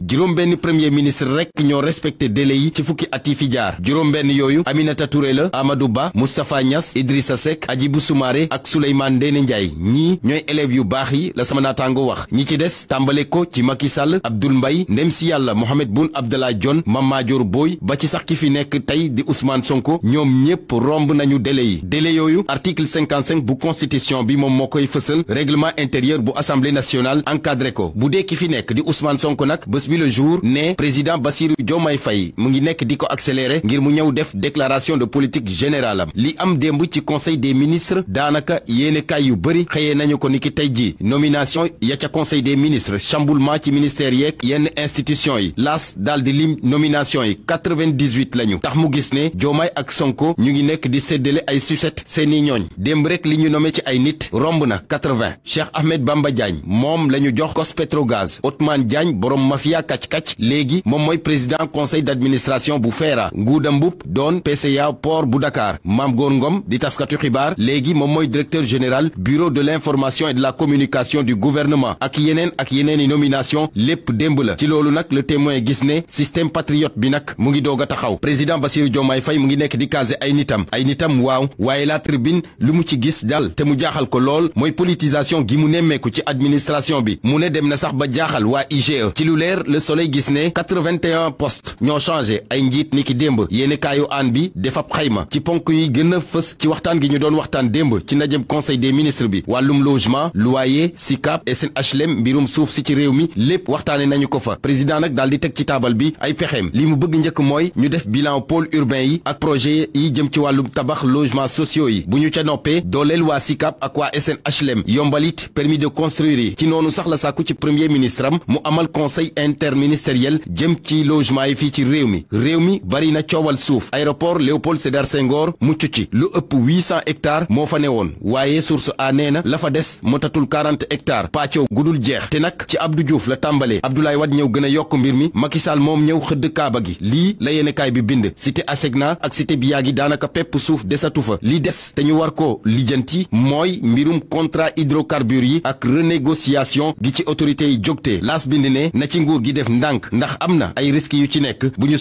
[SPEAKER 8] ni juróom-benn premier ministre rekk ñoo respecté délai yi ci fukki at yi fi jaar juróom-benn yooyu Aminata Touré la Amadou Ba Moustapha Niass Idrissa Seck Hadjibou Soumaré ak Souleymane Ndéné Ndiaye ñii ñooy élèves yu baax yi la sama naataango wax ñi ci des tàmbale ko ci Macky Sall Abdoul Mbaye ndem si yàlla Mohamed Boun Abdallah Dionne Mame Madior Boye ba ci sax ki fi nekk tey di Ousmane Sonko ñoom ñépp romb nañu délai yi délai yooyu article 55 bu constitution bi moom moo koy fë règlement intérieur bu assemblée nationale encadré ko bi le jour né président Bassirou Diomaye Faye mu ngi nek diko accéléré ngir mu def déclaration de politique générale li am démb ci conseil des ministres Danaka Yene kay yu bari xeyé nañu ko niki nomination ya ca conseil des ministres chamboulement ci ministère yek yenn institution yi las lim nomination yi 98 lañu tax mu gis né Diomaye ak Sonko ñu ngi nek di sédélé ay sucette ñooñ rek li ñu nommé ci ay nit romb na 80 Cheikh Ahmed Bamba Diagne Mom lañu jox Cos Petrogaz Otman Diagne borom mafia Moussa Kackac Legi, moom président conseil d'administration Boufera, Goudamboup, Don PCA port Boudakar Mam Gongom, Ditaskatu Ngom di taskatu directeur général bureau de l'information et de la communication du gouvernement Akiyenen, Yenen, nomination Lep Demboul, la le témoin gis système patriote binak, nag mu président Basir Diomaye Fay, Dikaze dikaze Ainitam di caser ay nitam ay nitam Kolol, tribune dal politisation gi mu administration bi mu ne Badjahal, na IGE le soleil gis 81 postes ñoo changé ay njiit ni ki démb yéenikaayu an bi defab xayma ci ponk yi gëna fess ci waxtaan gi ñu doon waxtaan demb ci ndajem conseil des ministres bi Walum logement loyer SICAP et SNHLM HLM mbirum si ci rew mi lepp waxtaane nañu ko fa président nak daldi tek ci table bi ay pexem li mu bëgg ñëk moy ñu def bilan pôle urbain yi ak projet yi jëm ci walum tabax logement sociaux yi bu ñu ca noppee dooleel waa SICAP ak SN yombalit permis de construire ci nonu sax la sàkku ci premier ministre am mu amal conseil interministériel jëm ci logement yi fii ci réew mi réew mi bari na coowal suuf aéroport Léopold Sédar Senghor mucc ci lu ëpp 800 hectares moo fa woon waaye source a nee na lafa fa des motatul 40 hectares pàccoo gudul jeex te nag ci Abdou Diouf la tàmbalee Abdoulaye Wade ñëw gën a yokk mbir mi Macky Sall moom ñëw xëdd kaaba gi lii la yéenekaay bi bind cité Asegna ak cité Biagui daanaka pepp suuf desatu fa li des te ñu war ko lijjanti mooy mbirum contrat hydrocarbures yi ak renégociation gi ci autorité yi jógtee laas bind ne na ci gi def ndank ndax amna ay risque yu ci nek buñu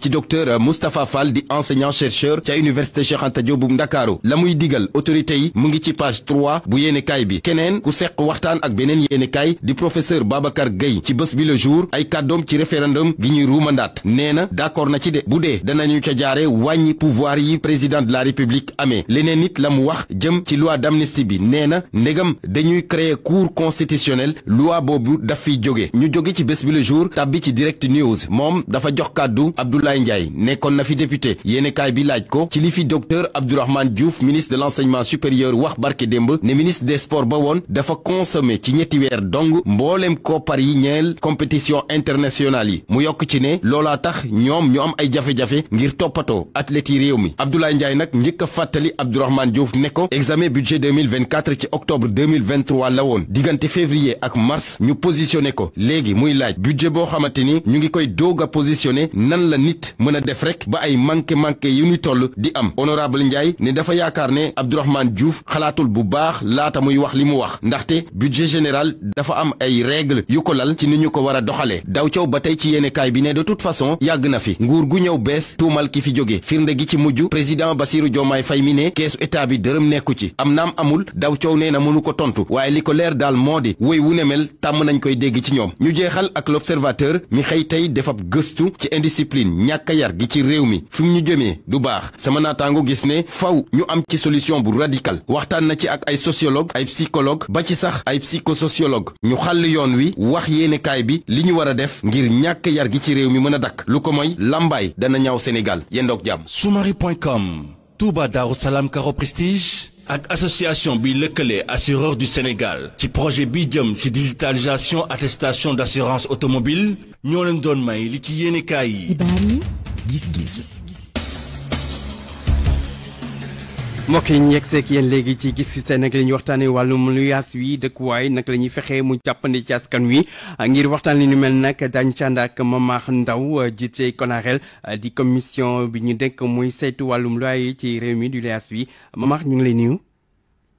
[SPEAKER 8] ci docteur Mustafa Fall di enseignant chercheur ci université Cheikh Anta Diop bu Ndakaaru la digal autorité yi mu ngi ci page 3 bu kay bi kenen ku sekk waxtan ak yene kay di professeur Babacar Gueye ci bëss bi le jour ay kàddoom ci référendum gi ñuy ruumandaat nee d'accord na ci de bu dee danañu ca wañi pouvoir yi président de la république amé leneen nit la wax jëm ci loi d'amnistie bi nee na ndegam dañuy créer cour constitutionnelle loi bobu da fi joggé ñu joggé ci bi le jour tabbi ci direct news mom dafa jox kàddu Abdoulaye Ndiaye nekkoon na fi député kay bi laaj ko ci li fi docteur Abdourahmane Diouf ministre de l'enseignement supérieur wax barke dembe, ne ministre des sports ba woon dafa consommé ci ñetti wër dong ko par yi compétition internationale yi mu yok ci né lola tax ñom ñu am ay jafé jafé ngir topato athlètes yi Abdoulaye Ndiaye nak fatali Abdourahmane Diouf ne ko examen budget 2024 ci octobre 2023 la woon diggante février ak mars ñu positionné ko légui muy laaj budget boo xamante ni ñu ngi koy doog a positionné nan la nit mën a def rek ba ay manqué-manqué yu ñu toll di am honorable Ndiaye ne dafa yaakaar ne Abdourahmane Diouf xalaatul bu baax laata muy wax li mu wax ndaxte budget général dafa am ay règle yu ko lal ci ni ñu ko war a doxalee daw caw ba tey ci yéene kaay bi ne de toute façon yàgg na fi nguur gu ñëw bees tuumal ki fi jóge firnde gi ci mujj président Bassirou Diomaye Faye mi ne keesu état bi dërëm nekku ci am naam amul daw caw nee na mënu ko tontu waaye li ko leer daal moo di woy wu ne tàmm nañ koy dégg ci ñoom ak l'observateur mi xëy tey defab gëstu ci indiscipline ñàkk yar gi ci réew mi fi mu ñu jëmee du baax sama naataango gis ne faw ñu am ci solution bu radical waxtaan na ci ak ay sociologue ay psychologue ba ci sax ay psychosociologue ñu xàll yoon wi wax yéenekaay bi li ñu war a def ngir ñàkk yar gi ci réew mi mën a dakk lu ko mooy lambaay dana ñaw Sénégal yendoog jàmm sumari.com Touba Darou Salam Caro Prestige ak association bi lëkkale assureur du Sénégal ci projet bi jëm ci digitalisation attestation d'assurance automobile Nous leen doon may li ci yi. mbokk yi ñu yegg seeg yéen léegi
[SPEAKER 1] ci gis seen nag la ñuy waxtaanee wàllum luyaas wi dëkkuwaay nag la ñuy fexe mu jàppandi ci askan wi ngir waxtaan li ñu mel nag daañu ci ànd ak Momar Ndao jiite Konarel di commission bi ñu dénk muy seytu wàllum luwaay yi ci réew mi du luyaas wi Momar ñu ngi lay nuyu.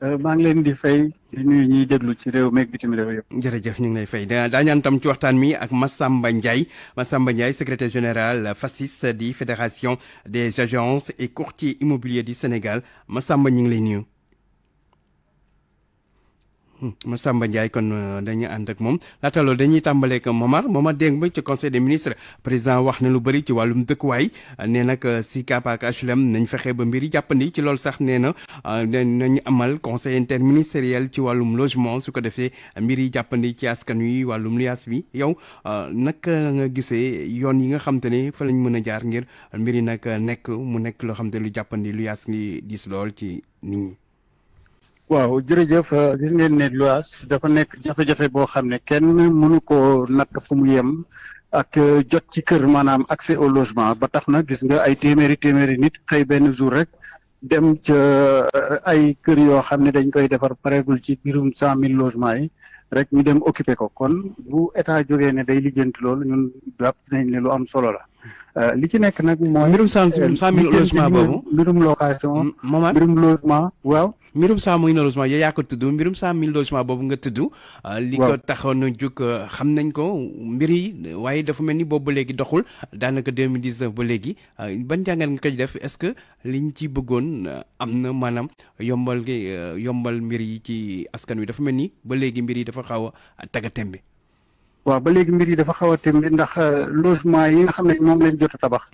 [SPEAKER 16] Euh, maa ngi leen di fay di nuyu ñiy déglu ci réew meeg bitim réew yëpp. jërëjëf ñu ngi lay fay daañu
[SPEAKER 1] am tam ci waxtaan mi ak Massamba Ndiaye Massamba Ndiaye secrétaire général FACIS di fédération des agences et courtiers immobiliers du Sénégal Massamba ñu ngi lay nuyu. ma hmm, Massamba Ndiaye kon euh, dañuy ànd ak moom laata loolu dañuy tàmbaleeg Momar Momar Deng ba ci conseil des ministres président wax na lu bari ci wàllum dëkkuwaay euh, nee nag euh, si ak HLM nañ fexe ba mbir yi jàppandi ci loolu sax nee na nañ amal conseil interministériel ci wàllum logement su ko defee mbir yi jàppandi ci askan wi wàllum liaas bi yow naka nga gisee yoon yi nga xam te ne fa lañ mën a jaar ngir mbir yi nag nekk mu nekk loo xam te lu jàppandi liaas ngi diis lool ci nit ñi.
[SPEAKER 16] waaw jërëjëf euh, gis ngeen ne luwaas dafa nekk jafe-jafe boo xam ne kenn mënu ko natt fu mu yem ak euh, jot ci kër maanaam accès au logement ba tax na gis nga ay téeméeri téeméeri nit xëy benn jour rek dem ca euh, ay kër yoo xam ne dañ koy defar pareegul ci biirum cent mille logements yi rek ñu dem occupé ko kon bu état jógee ne day lijjanti loolu ñun jàpp nañ ne lu am solo la euh, li ci nekk nag mooy mbirum sans mille logement boobu mbirum location moment mbirum logement waaw mbirum
[SPEAKER 1] saa muy logement yow yaa ko tudd mirum saa mille logement boobu nga tudd euh, li ko taxoon jug euh, xam nañ ko mbir yi waaye dafa mel ni boobu ba léegi doxul daanaka 2019 ba léegi ban jàngat nga ko def est ce que liñ ci bëggoon am na maanaam yombal yombal mbir ci askan wi dafa mel ni ba léegi mbir dafa dafa xaw a taga tembe
[SPEAKER 16] waaw ba léegi mbir yi dafa xaw a tembe ndax euh, logement yi nga xam ne moom lañ jot a tabax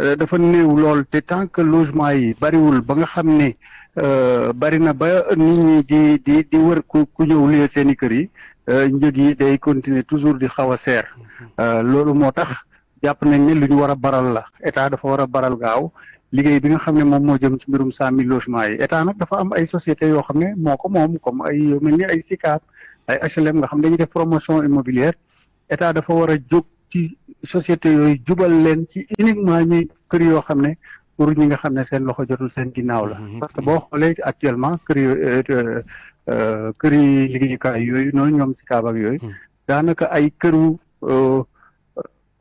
[SPEAKER 16] euh, dafa néew lool te tant que logement yi bariwul ba nga xam ne euh, bari na ba nit ñi di di di wër ku ku ñëw luyee seen i kër yi njëg yi day continuer toujours di xaw a seer mm-hmm. loolu moo tax jàpp nañ ne lu ñu baral la état dafa war baral gaaw liggéey bi nga xam ne moom moo jëm ci mbirum cent mille logements yi état nag dafa am ay société yoo xam ne moo ko moom comme ay yu mel ni ay SICAP ay HLM nga xam dañuy def promotion immobilière état dafa war a jóg ci société yooyu jubal leen ci uniquement ñi kër yoo xam ne pour ñi nga xam ne seen loxo jotul seen ginnaaw la mhm. parce que boo xoolee actuellement kër euh, euh, euh, kër yi liggéeyukaay yooyu noonu ñoom SICAP ak yooyu mhm. daanaka ay këru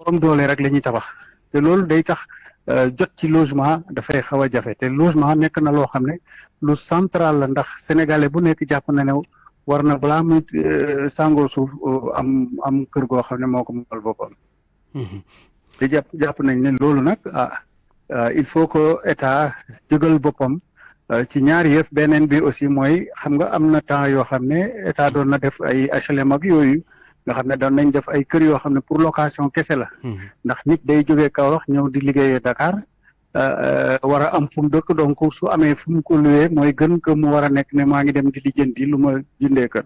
[SPEAKER 16] borom doole rek la ñuy tabax te loolu day tax euh, jot ci logement dafay xaw a jafe te logement nekk na loo xam ne lu centrale la ndax sénégalais bu nekk jàpp na ne war na balaa muy euh, sàngoo suuf euh, am am kër goo xam ne moo ko moomal boppam. Mhm. te jàpp jàpp nañ ne loolu nag ah il faut que état jëgal boppam. ci ñaar yëf beneen bi aussi mooy xam nga am na temps yoo xam ne état doon na def ay HLM mag yooyu nga xam ne doon nañ def ay kër yoo xam ne pour location kese la. Hmm. ndax nit day jógee Kaolack ñëw di liggéeyee Dakar. Euh, euh, war a am fu mu dëkk donc su amee fu mu ko luwee mooy gën que mu war a nekk ne maa ngi dem di lijjanti lu ma jëndee kër.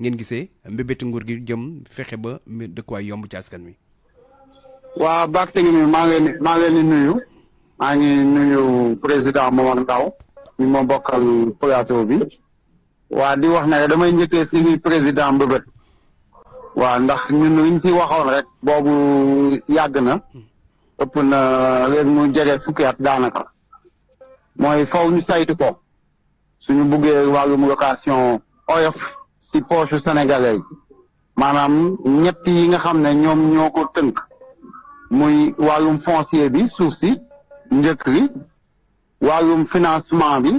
[SPEAKER 1] ngeen gisee mbébétu nguur gi jëm fexe ba dëkkuwaay yomb ci askan wi
[SPEAKER 17] waaw baak tegi ni maa ngi maa ngi leen nuyu maa ngi nuyu président Momar Ndao ñu ma bokkal plateau bi waa di wax ne damay njëkkee si ni président mbébét waa ndax ñun liñ si waxoon rek boobu yàgg na ëpp na leen mu jege fukki at daanaka mooy faw ñu saytu ko suñu buggee wàllum location oyof si poche sénégalais yi maanaam ñett yi nga xam ne ñoom ñoo ko tënk muy wàllum foncier bi suuf si njëkk li wàllum financement bi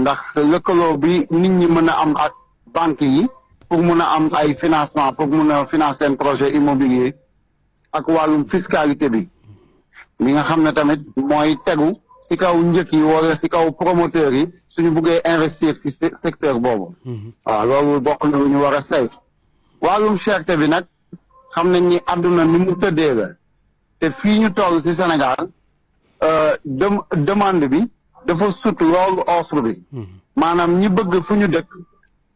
[SPEAKER 17] ndax lëkkaloo bi nit ñi mën a am ak banque yi pour mun a am ay financement pour mun a financer seen projet immobilier ak wàllum fiscalité bi mi nga xam ne tamit mooy tegu si kaw njëkk yi wala si kaw promoteur yi suñu buggee investir ci secteur boobu mhm. waaw loolu bokk na lu ñu war a saytu wàllum cherté bi nag xam nañ ni àdduna ni mu tëddee la te fii ñu toll ci Sénégal euh, dem demande bi dafa sut loolu offre bi mhm. maanaam ñi bëgg fu ñu dëkk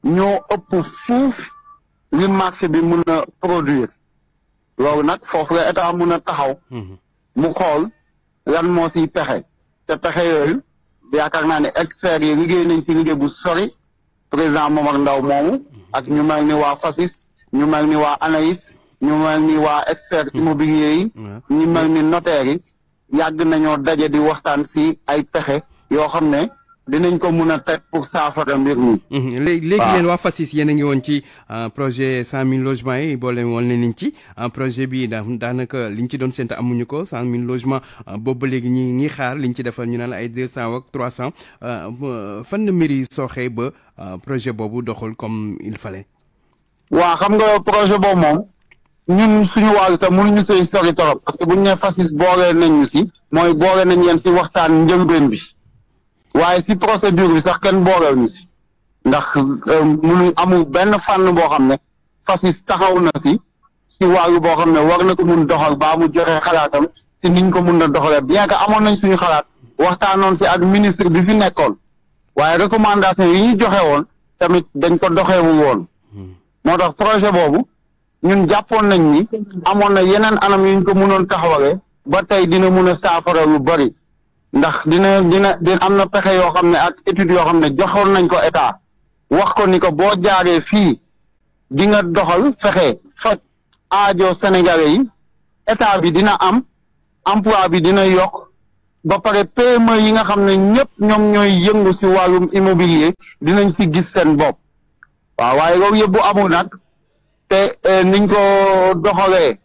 [SPEAKER 17] ñoo ëpp fuuf li marché bi mun a produir loolu nag foofu la état mën a taxaw mhm. mu xool lan moo siy pexe te pexe yaakaar naa ne experts yi liggéey nañ si liggéey bu sori président Momar ndaw moomu ak ñu mel ni waa FASIS ñu mel ni waa ANAIS ñu mel ni waa experts hmm. immobilier yi ñu mel ni notaires yi yàgg nañoo daje di waxtaan si ay pexe yoo xam ne dinañ ko mun a teg pour saafara mbir mi.
[SPEAKER 1] Mhm. léegi léegi yéen waa FASIS yéen a ngi woon ci euh, projet cent mille logements yi boole woon nañ ci euh, projet bi daanaka liñ ci doon séntu amuñu ko cent mille logements euh, boobu ba léegi ñi ngi xaar liñ ci defal ñu naan ay deux cent ak trois cent fan la mbir yi ba projet boobu doxul comme il fallait.
[SPEAKER 17] waa xam nga projet boobu moom ñun suñu wàllu tam mënuñu see sori torop parce que buñ ne FASIS boole nañ ñu mooy boole nañ leen si waxtaan njëlbeen bi. waaye si procédure bi sax kenn booleel ñu si ndax euh, munu amul benn fànn boo xam ne FASIS taxaw na si si waayu boo xam ne war na ko mun doxal baa mu joxe xalaatam si niñ ko mun a doxalee bien que amoon nañ suñu xalaat waxtaanoon si ak ministre bi fi nekkoon waaye recommandation yi ñu joxe woon tamit dañ ko doxewu woon moo tax projet boobu ñun jàppoon nañ ni amoon na yeneen anam yuñ ko mënoon taxawalee ba tey dina mun a saafara lu bari ndax dina dina dina am na pexe yoo xam ne ak étude yoo xam ne joxoon nañ ko état wax ko ni ko boo jaaree fii di doxal fexe faj aajo sénégalais yi état bi dina am emploi bi dina yokk ba pare PME yi nga xam ne ñëpp ñoom ñooy yëngu ci wàllum immobilier dinañ ci gis seen bopp waaw waaye loolu yëpp bu amul nag te eh, niñ ko doxalee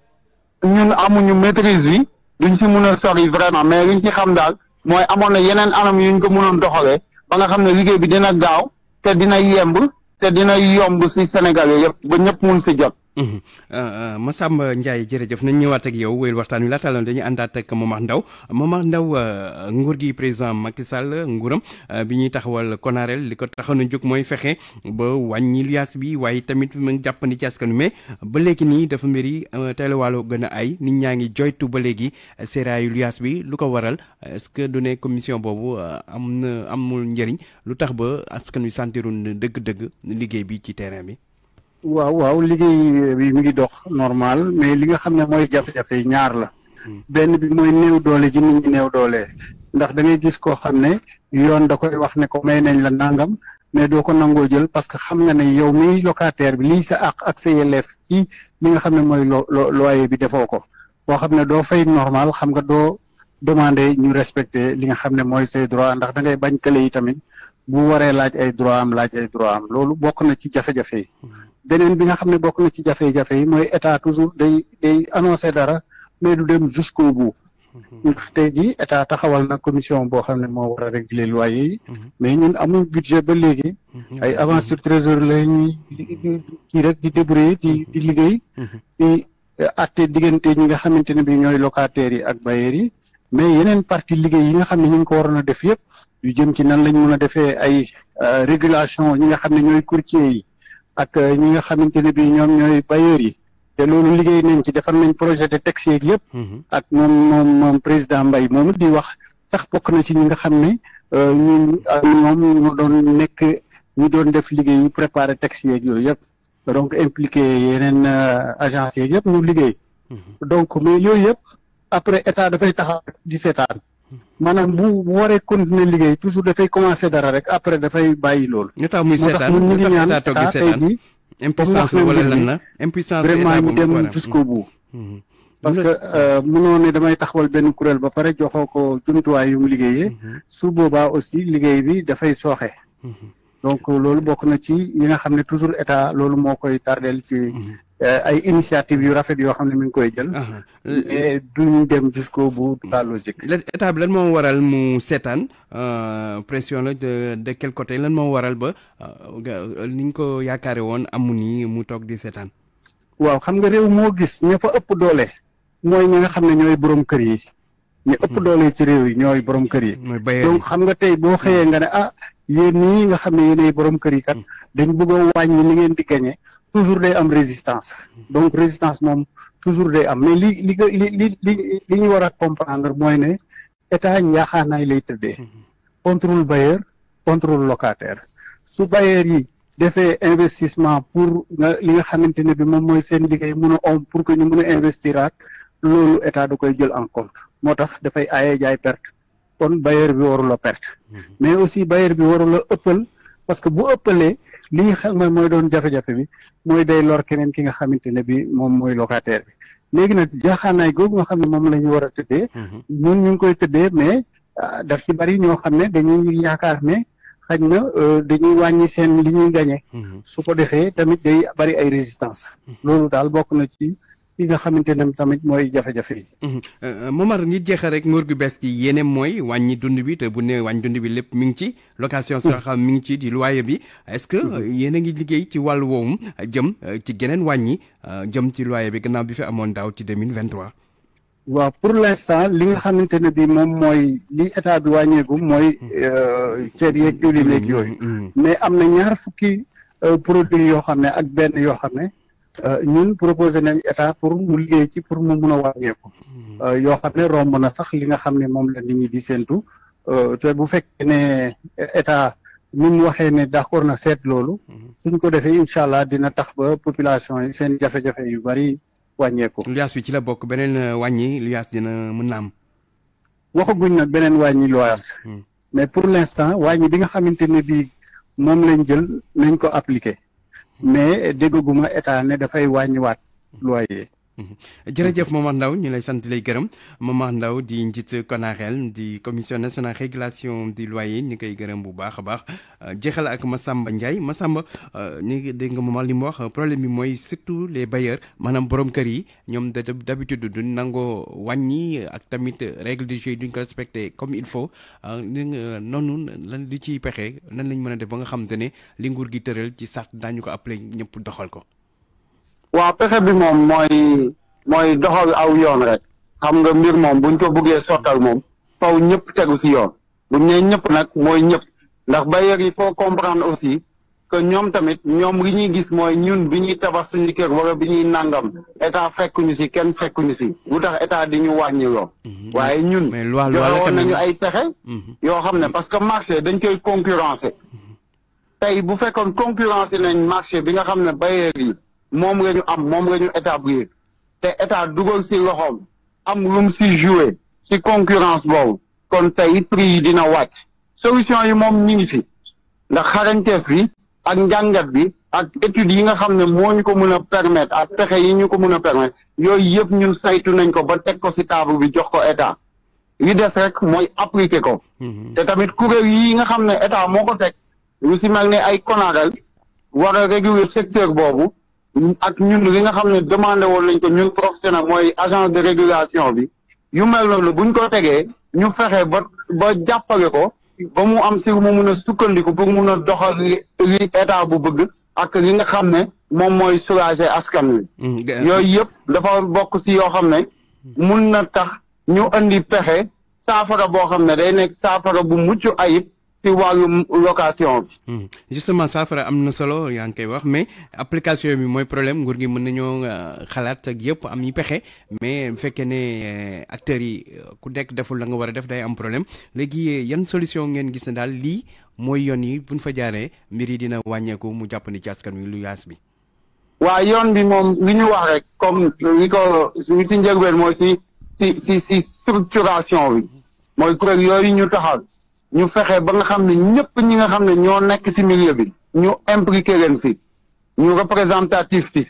[SPEAKER 17] ñun amuñu maîtrise bi duñ ci mën a sori vraiment mais liñ ci xam daal. mooy amoon na yeneen anam yu yuñ ko mënoon doxalee ba nga xam ne liggéey bi dina gaaw te dina yemb te dina yomb ci Sénégal yëpp ba ñëpp mun ci jot Mhm.
[SPEAKER 1] Euh, euh, Massamba Ndiaye jërëjëf nañ ñëwaat ak yow wéyul waxtaan wi laataaloon dañuy àndaat ak Momar Ndao Momar ndaw euh, nguur gi président Macky Sall nguuram bi ñuy taxawal konarel li ko taxoon a jóg mooy fexe ba wàññi luyaas bi waaye tamit mu ngi jàppandi ci askan mais ba léegi nii dafa mbir yi teelawaaloo gën a ay nit ñaa ngi joytu ba léegi seeraayu luyaas bi lu ko waral est-ce que du ne commission boobu am na amul njëriñ lu tax ba askan wi santirun dëgg-dëgg liggéey bi ci terrain bi.
[SPEAKER 16] waaw waaw liggéey bi mu ngi dox normal mais li nga xam ne mooy jafe-jafe yi ñaar la hmm. benn bi mooy néew doole ji nit ñi néew doole ndax da ngay gis koo xam ne yoon da koy wax ne ko may nañ la nangam mais doo ko nangoo jël parce que xam nga ne yow mi locataire bi lii sa àq ak sa yelleef ci li nga xam ne mooy lo loyer bi defoo ko boo xam ne doo fay normal xam nga doo demander ñu respecter li nga xam ne mooy say droit ndax da ngay bañ kële yi tamit bu waree laaj ay droit am laaj ay droit am loolu bokk na ci jafe yi hmm. beneen bi nga xam ne bokk na ci jafe-jafe yi mooy état toujours day day annoncé dara mais du dem jusqu'au bu mm-hmm. tey jii état taxawal na commission boo xam ne moo war a réguler loyer yi mm-hmm. mais ñun amuñ budget ba léegi mm-hmm. ay avance sur trésor la ñuy kii rek di débrouiller di di liggéey di eh, diggante ñi nga xamante ne bi ñooy locataires yi ak bailleurs yi mais yeneen partie liggéey yi nga xam ne ñu ko waroon a def yëpp yu jëm ci nan lañ mën a defee ay euh, régulation ñi nga xam ne ñooy courtier yi ak euh, ñi nga xamante ne bi ñoom ñooy bailleurs yi te loolu liggéey nañ ci defar nañ projet de texte yeeg yëpp mm-hmm. ak moom moom président mbay moom di wax sax bokk na ci ñi nga xam ne euh, ñun moom ñu doon nekk ñu doon def liggéey yu préparé texte yeeg yooyu yëpp donc impliqué yeneen euh, agence yeeg yëpp mu liggéey mm-hmm. donc mais yooyu yëpp après état dafay taxaw di seetaan maanaam bu bu waree continuer liggéey toujours dafay commencer dara rek après dafay bàyyi loolu. ñu tax muy seetaan ñu ngi ñaan état tey jii. impuissance wala lan la impuissance vraiment ñu dem jusqu'au bu mhm. parce que euh, mënoo ne damay taxawal benn kuréel ba pare joxoo ko jumtuwaay yu liggéeyee. Mhm. su boobaa aussi liggéey bi dafay sooxe. Mhm. donc loolu bokk na ci yi nga xam ne toujours état loolu moo koy tardeel ci. Eh, ay initiative yu rafet yoo xam ne mi ngi koy jël. mais duñu dem jusqu'au bout de la logique. état bi lan
[SPEAKER 1] moo waral mu seetaan euh, pression la de de côté lan moo waral ba euh, ni ñu ko yaakaare woon amu nii mu toog di seetaan.
[SPEAKER 16] waaw xam nga réew moo gis ña fa ëpp doole mooy ñi nga xam ne ñooy borom kër yi. ñu ëpp hmm. doole ci réew yi ñooy borom kër yi. donc xam nga tey boo xëyee nga ne ah yéen ñii nga xam ne yéenay borom kër yi kat hmm. dañ bëgg a wàññi li ngeen di gañe toujours des am résistance donc résistance non toujours des am mais li li li li li a comprendre mooy né état njaaxaanaay lay tëddee mhm. contrôle bailleur contrôle locataire su bailleur yi investissement pour li nga xamante bi mom moy seen om pour que ñu mëna à l'état de état da jël en compte motax da fay ayé jaay perte kon bailleur bi la perte mhm. mais aussi bailleur bi la ëppal parce que bu appelez lii xam mooy mooy doon jafe-jafe bi mooy day lor keneen ki nga xamante ne bi moom mooy locataire bi léegi nag jaaxaanaay googu nga xam ne moom la ñu war a tëddee mhm. ñun ñu ngi koy tëddee mais ah, daf ci bari ñoo xam ne dañuy yaakaar ne xaj na euh, dañuy wàññi seen li ñuy gañe mhm. su ko defee tamit day bari ay résistance mhm. loolu daal bokk na ci li nga xamante ne tamit mooy jafe-jafe yi.
[SPEAKER 1] Mhm. Euh, Momar ngi jeexal rek nguur gu bees gi yéene mooy wàññi dund bi te bu ne wàññi dund bi lépp mi ngi ci. location mhm. sax mi ngi ci di loyer bi est-ce que mhm. yéen a ngi liggéey ci wàllu woowum jëm euh, ci geneen wàññi euh, jëm ci loyer bi gannaaw
[SPEAKER 16] bi fi amoon daaw ci 2023. waaw pour l'instant li nga xamante ne bi moom mooy li état bi wàññeeku mooy ceeb yeeg diwlin yeeg yooyu mais am na ñaar fukki produits yoo xam ne ak benn yoo xam ne Euh, ñun proposé nañ état pour mu liggéey ci pour mu mun a wàññeeku hmm. euh, yoo xam ne romb na sax li nga xam ne moom la nit ñi di séentu euh, te bu fekk ne état ni mu waxee ne d'accord na seet loolu hmm. suñ ko defee incha allah dina tax ba population yi seen jafe-jafe yu bari wàññeeku.
[SPEAKER 1] luyaas bi ci la bokk beneen wàññi luyaas dina mën naam am. waxaguñ nag
[SPEAKER 16] beneen wàññi luyaas. Hmm. mais pour l'instant wàññi bi nga xamante ne bii moom lañ jël nañ ko appliquer. mais déggaguma état ne dafay wàññiwaat loyer Mhm. jërëjëf
[SPEAKER 1] Momar Ndao ñu lay sant lay gërëm Momar Ndao di njiit CONAREL di commission nationale régulation du loyer ñu koy gërëm bu baax a baax jeexal ak Massamba Ndiaye Massamba euh, ñu ngi nga Momar li wax problème bi mooy surtout les bailleurs maanaam borom kër yi ñoom da d'habitude duñ nangoo wàññi ak tamit règle du jeu duñ ko respecté comme il faut euh, noonu lan li ciy pexe nan lañ mën def ba nga xam te li nguur gi ci ko ñëpp doxal ko
[SPEAKER 17] waaw pexe bi moom mooy mooy doxal aw yoon rek xam nga mbir moom buñ ko bëggee sottal moom faw ñëpp tegu ci yoon buñ nee ñëpp nag mooy ñëpp ndax bailleurs yi fo comprendre aussi que ñoom tamit ñoom li ñuy gis mooy ñun bi ñuy tabax suñu kër wala bi ñuy nangam état fekkuñu ci kenn fekkuñu ci lu tax état di ñu wàññi loo mhm. waaye ñun yowoon nañu ay pexe mhm. yoo xam ne parce que marché dañ koy concurrencer mhm. tey bu fekkoon concurrencer nañ marché bi nga xam ne bailleurs yi moom la ñu am moom la ñu établir te état dugal si loxoom am lum si joué si concurrence boobu kon tey prix yi dina wàcc solution yi moom ñu ngi fi ndax xarañteef bi ak njàngat bi ak études yi nga xam ne moo ñu ko mën a permettre ak pexe yi ñu ko mën a permettre yooyu yëpp ñun saytu nañ ko ba teg ko si table bi jox ko état li des rek mooy appliquer ko. Mhm. te tamit kuréel yi nga xam ne état moo ko teg lu si mel ne ay konagal war a secteur boobu. ak ñun li nga xam ne demandé woon nañ ko ñun professionnel mooy agence de régulation bi yu mel noonu buñ ko tegee ñu fexe ba ba jàppale ko ba mu am si mu mun a sukkandiku pour mun a doxal li état bu bëgg ak li nga xam ne moom mooy soulager askan wi. Mm, yooyu yëpp dafa bokk si yoo xam ne mun na tax ñu indi pexe saafara boo xam ne day nekk saafara bu mucc ayib. si wàllum location bi. Hmm. justement saafara
[SPEAKER 1] am na solo yaa ngi koy wax mais application bi mooy problème nguur gi mën nañoo euh, xalaat ak yëpp am yi pexe mais bu fekkee ne euh, acteurs yi euh, ku nekk deful la nga war a def day am problème léegi yan solution ngeen gis ne daal lii mooy yoon yi bu fa jaaree mbir yi dina wàññeeku mu jàppandi ci askan wi lu yaas bi.
[SPEAKER 17] waa yoon bi moom li ñu wax rek comme li ko li si njëlbeen mooy si si si structuration bi mooy kuréel yooyu ñu fexe ba nga xam ne ñëpp ñi nga xam ne ñoo nekk ci milieu bi ñu impliqué leen ci ñu représentatif ci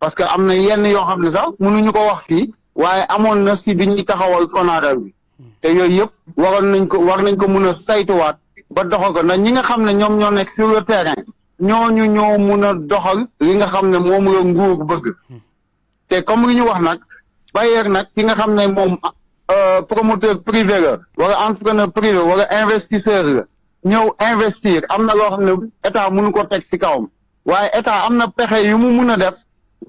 [SPEAKER 17] parce que am na yenn yoo xam ne sax mënuñu ko wax fii waaye amoon na ci bi ñuy taxawal Sonatel bi te yooyu yëpp waroon nañ ko war nañ ko mën a saytuwaat ba doxal ko ndax ñi nga xam ne ñoom ñoo nekk sur le terrain ñooñu ñoo mun a doxal yi nga xam ne moom yo nguur bëgg te comme li ñu wax nag bayeer nag ki nga xam ne moom Euh, promoteur privé la wala entrepreneur privé wala investisseur la ñëw investir am na loo xam ne état mënu ko teg ci kawam waaye état am na pexe yu mu mun a def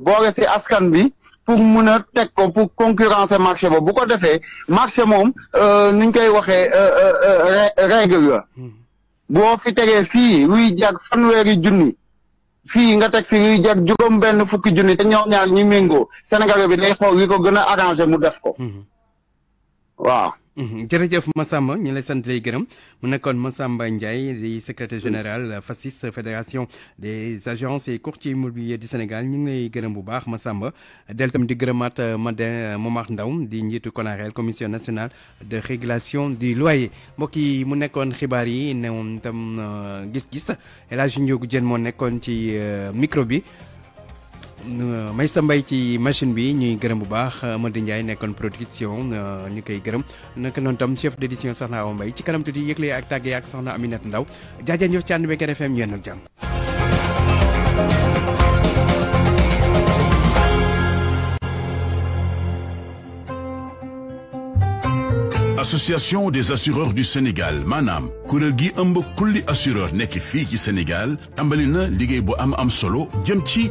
[SPEAKER 17] boole ci askan bi pour mun a teg ko pour concurrencer marché ba bu ko defee marché moom euh, ni ñu koy waxee euh, règle la hmm. boo fi tegee fii luy jag fanweeri junni fii nga teg fi luy jag juróom benn fukki junni te ñoom ñaar ñi méngoo bi day xool li ko gën a arrangé mu def ko hmm.
[SPEAKER 1] waaw. Mhm. jërëjëf Massamba ñu lay sant lay gërëm mu nekkoon Massamba Ndiaye di secretaire général FACIS fédération des agences et courtiers immobiliers di Sénégal ñu ngi lay gërëm bu baax Massamba del tam di gërëmat gërëmaat euh, Madin euh, Momar Ndaw di njiitu CONAREL commission nationale de régulation di loyer mbokk yi mu nekkoon xibaar yi newoon tam euh, gis-gis El Hadj Ndiogou Diène moo nekkoon ci micro bi Maysa mbay ci machine bi ñuy gërëm bu baax di Ndiaye nekkoon production ñu koy gërëm naka noonu tam chef d'édition soxna Awa mbay ci kanam tuuti yëgle ak tàggee ak soxna Aminata Ndaw jaajëf ñëf ci ànd beeg RFM ñu yenn ak jàmm.
[SPEAKER 9] association des assureurs du Sénégal maanaam kuréel gi ëmb kulli assureur nekk fii ci Sénégal tàmbali na liggéey bu am am solo jëm ci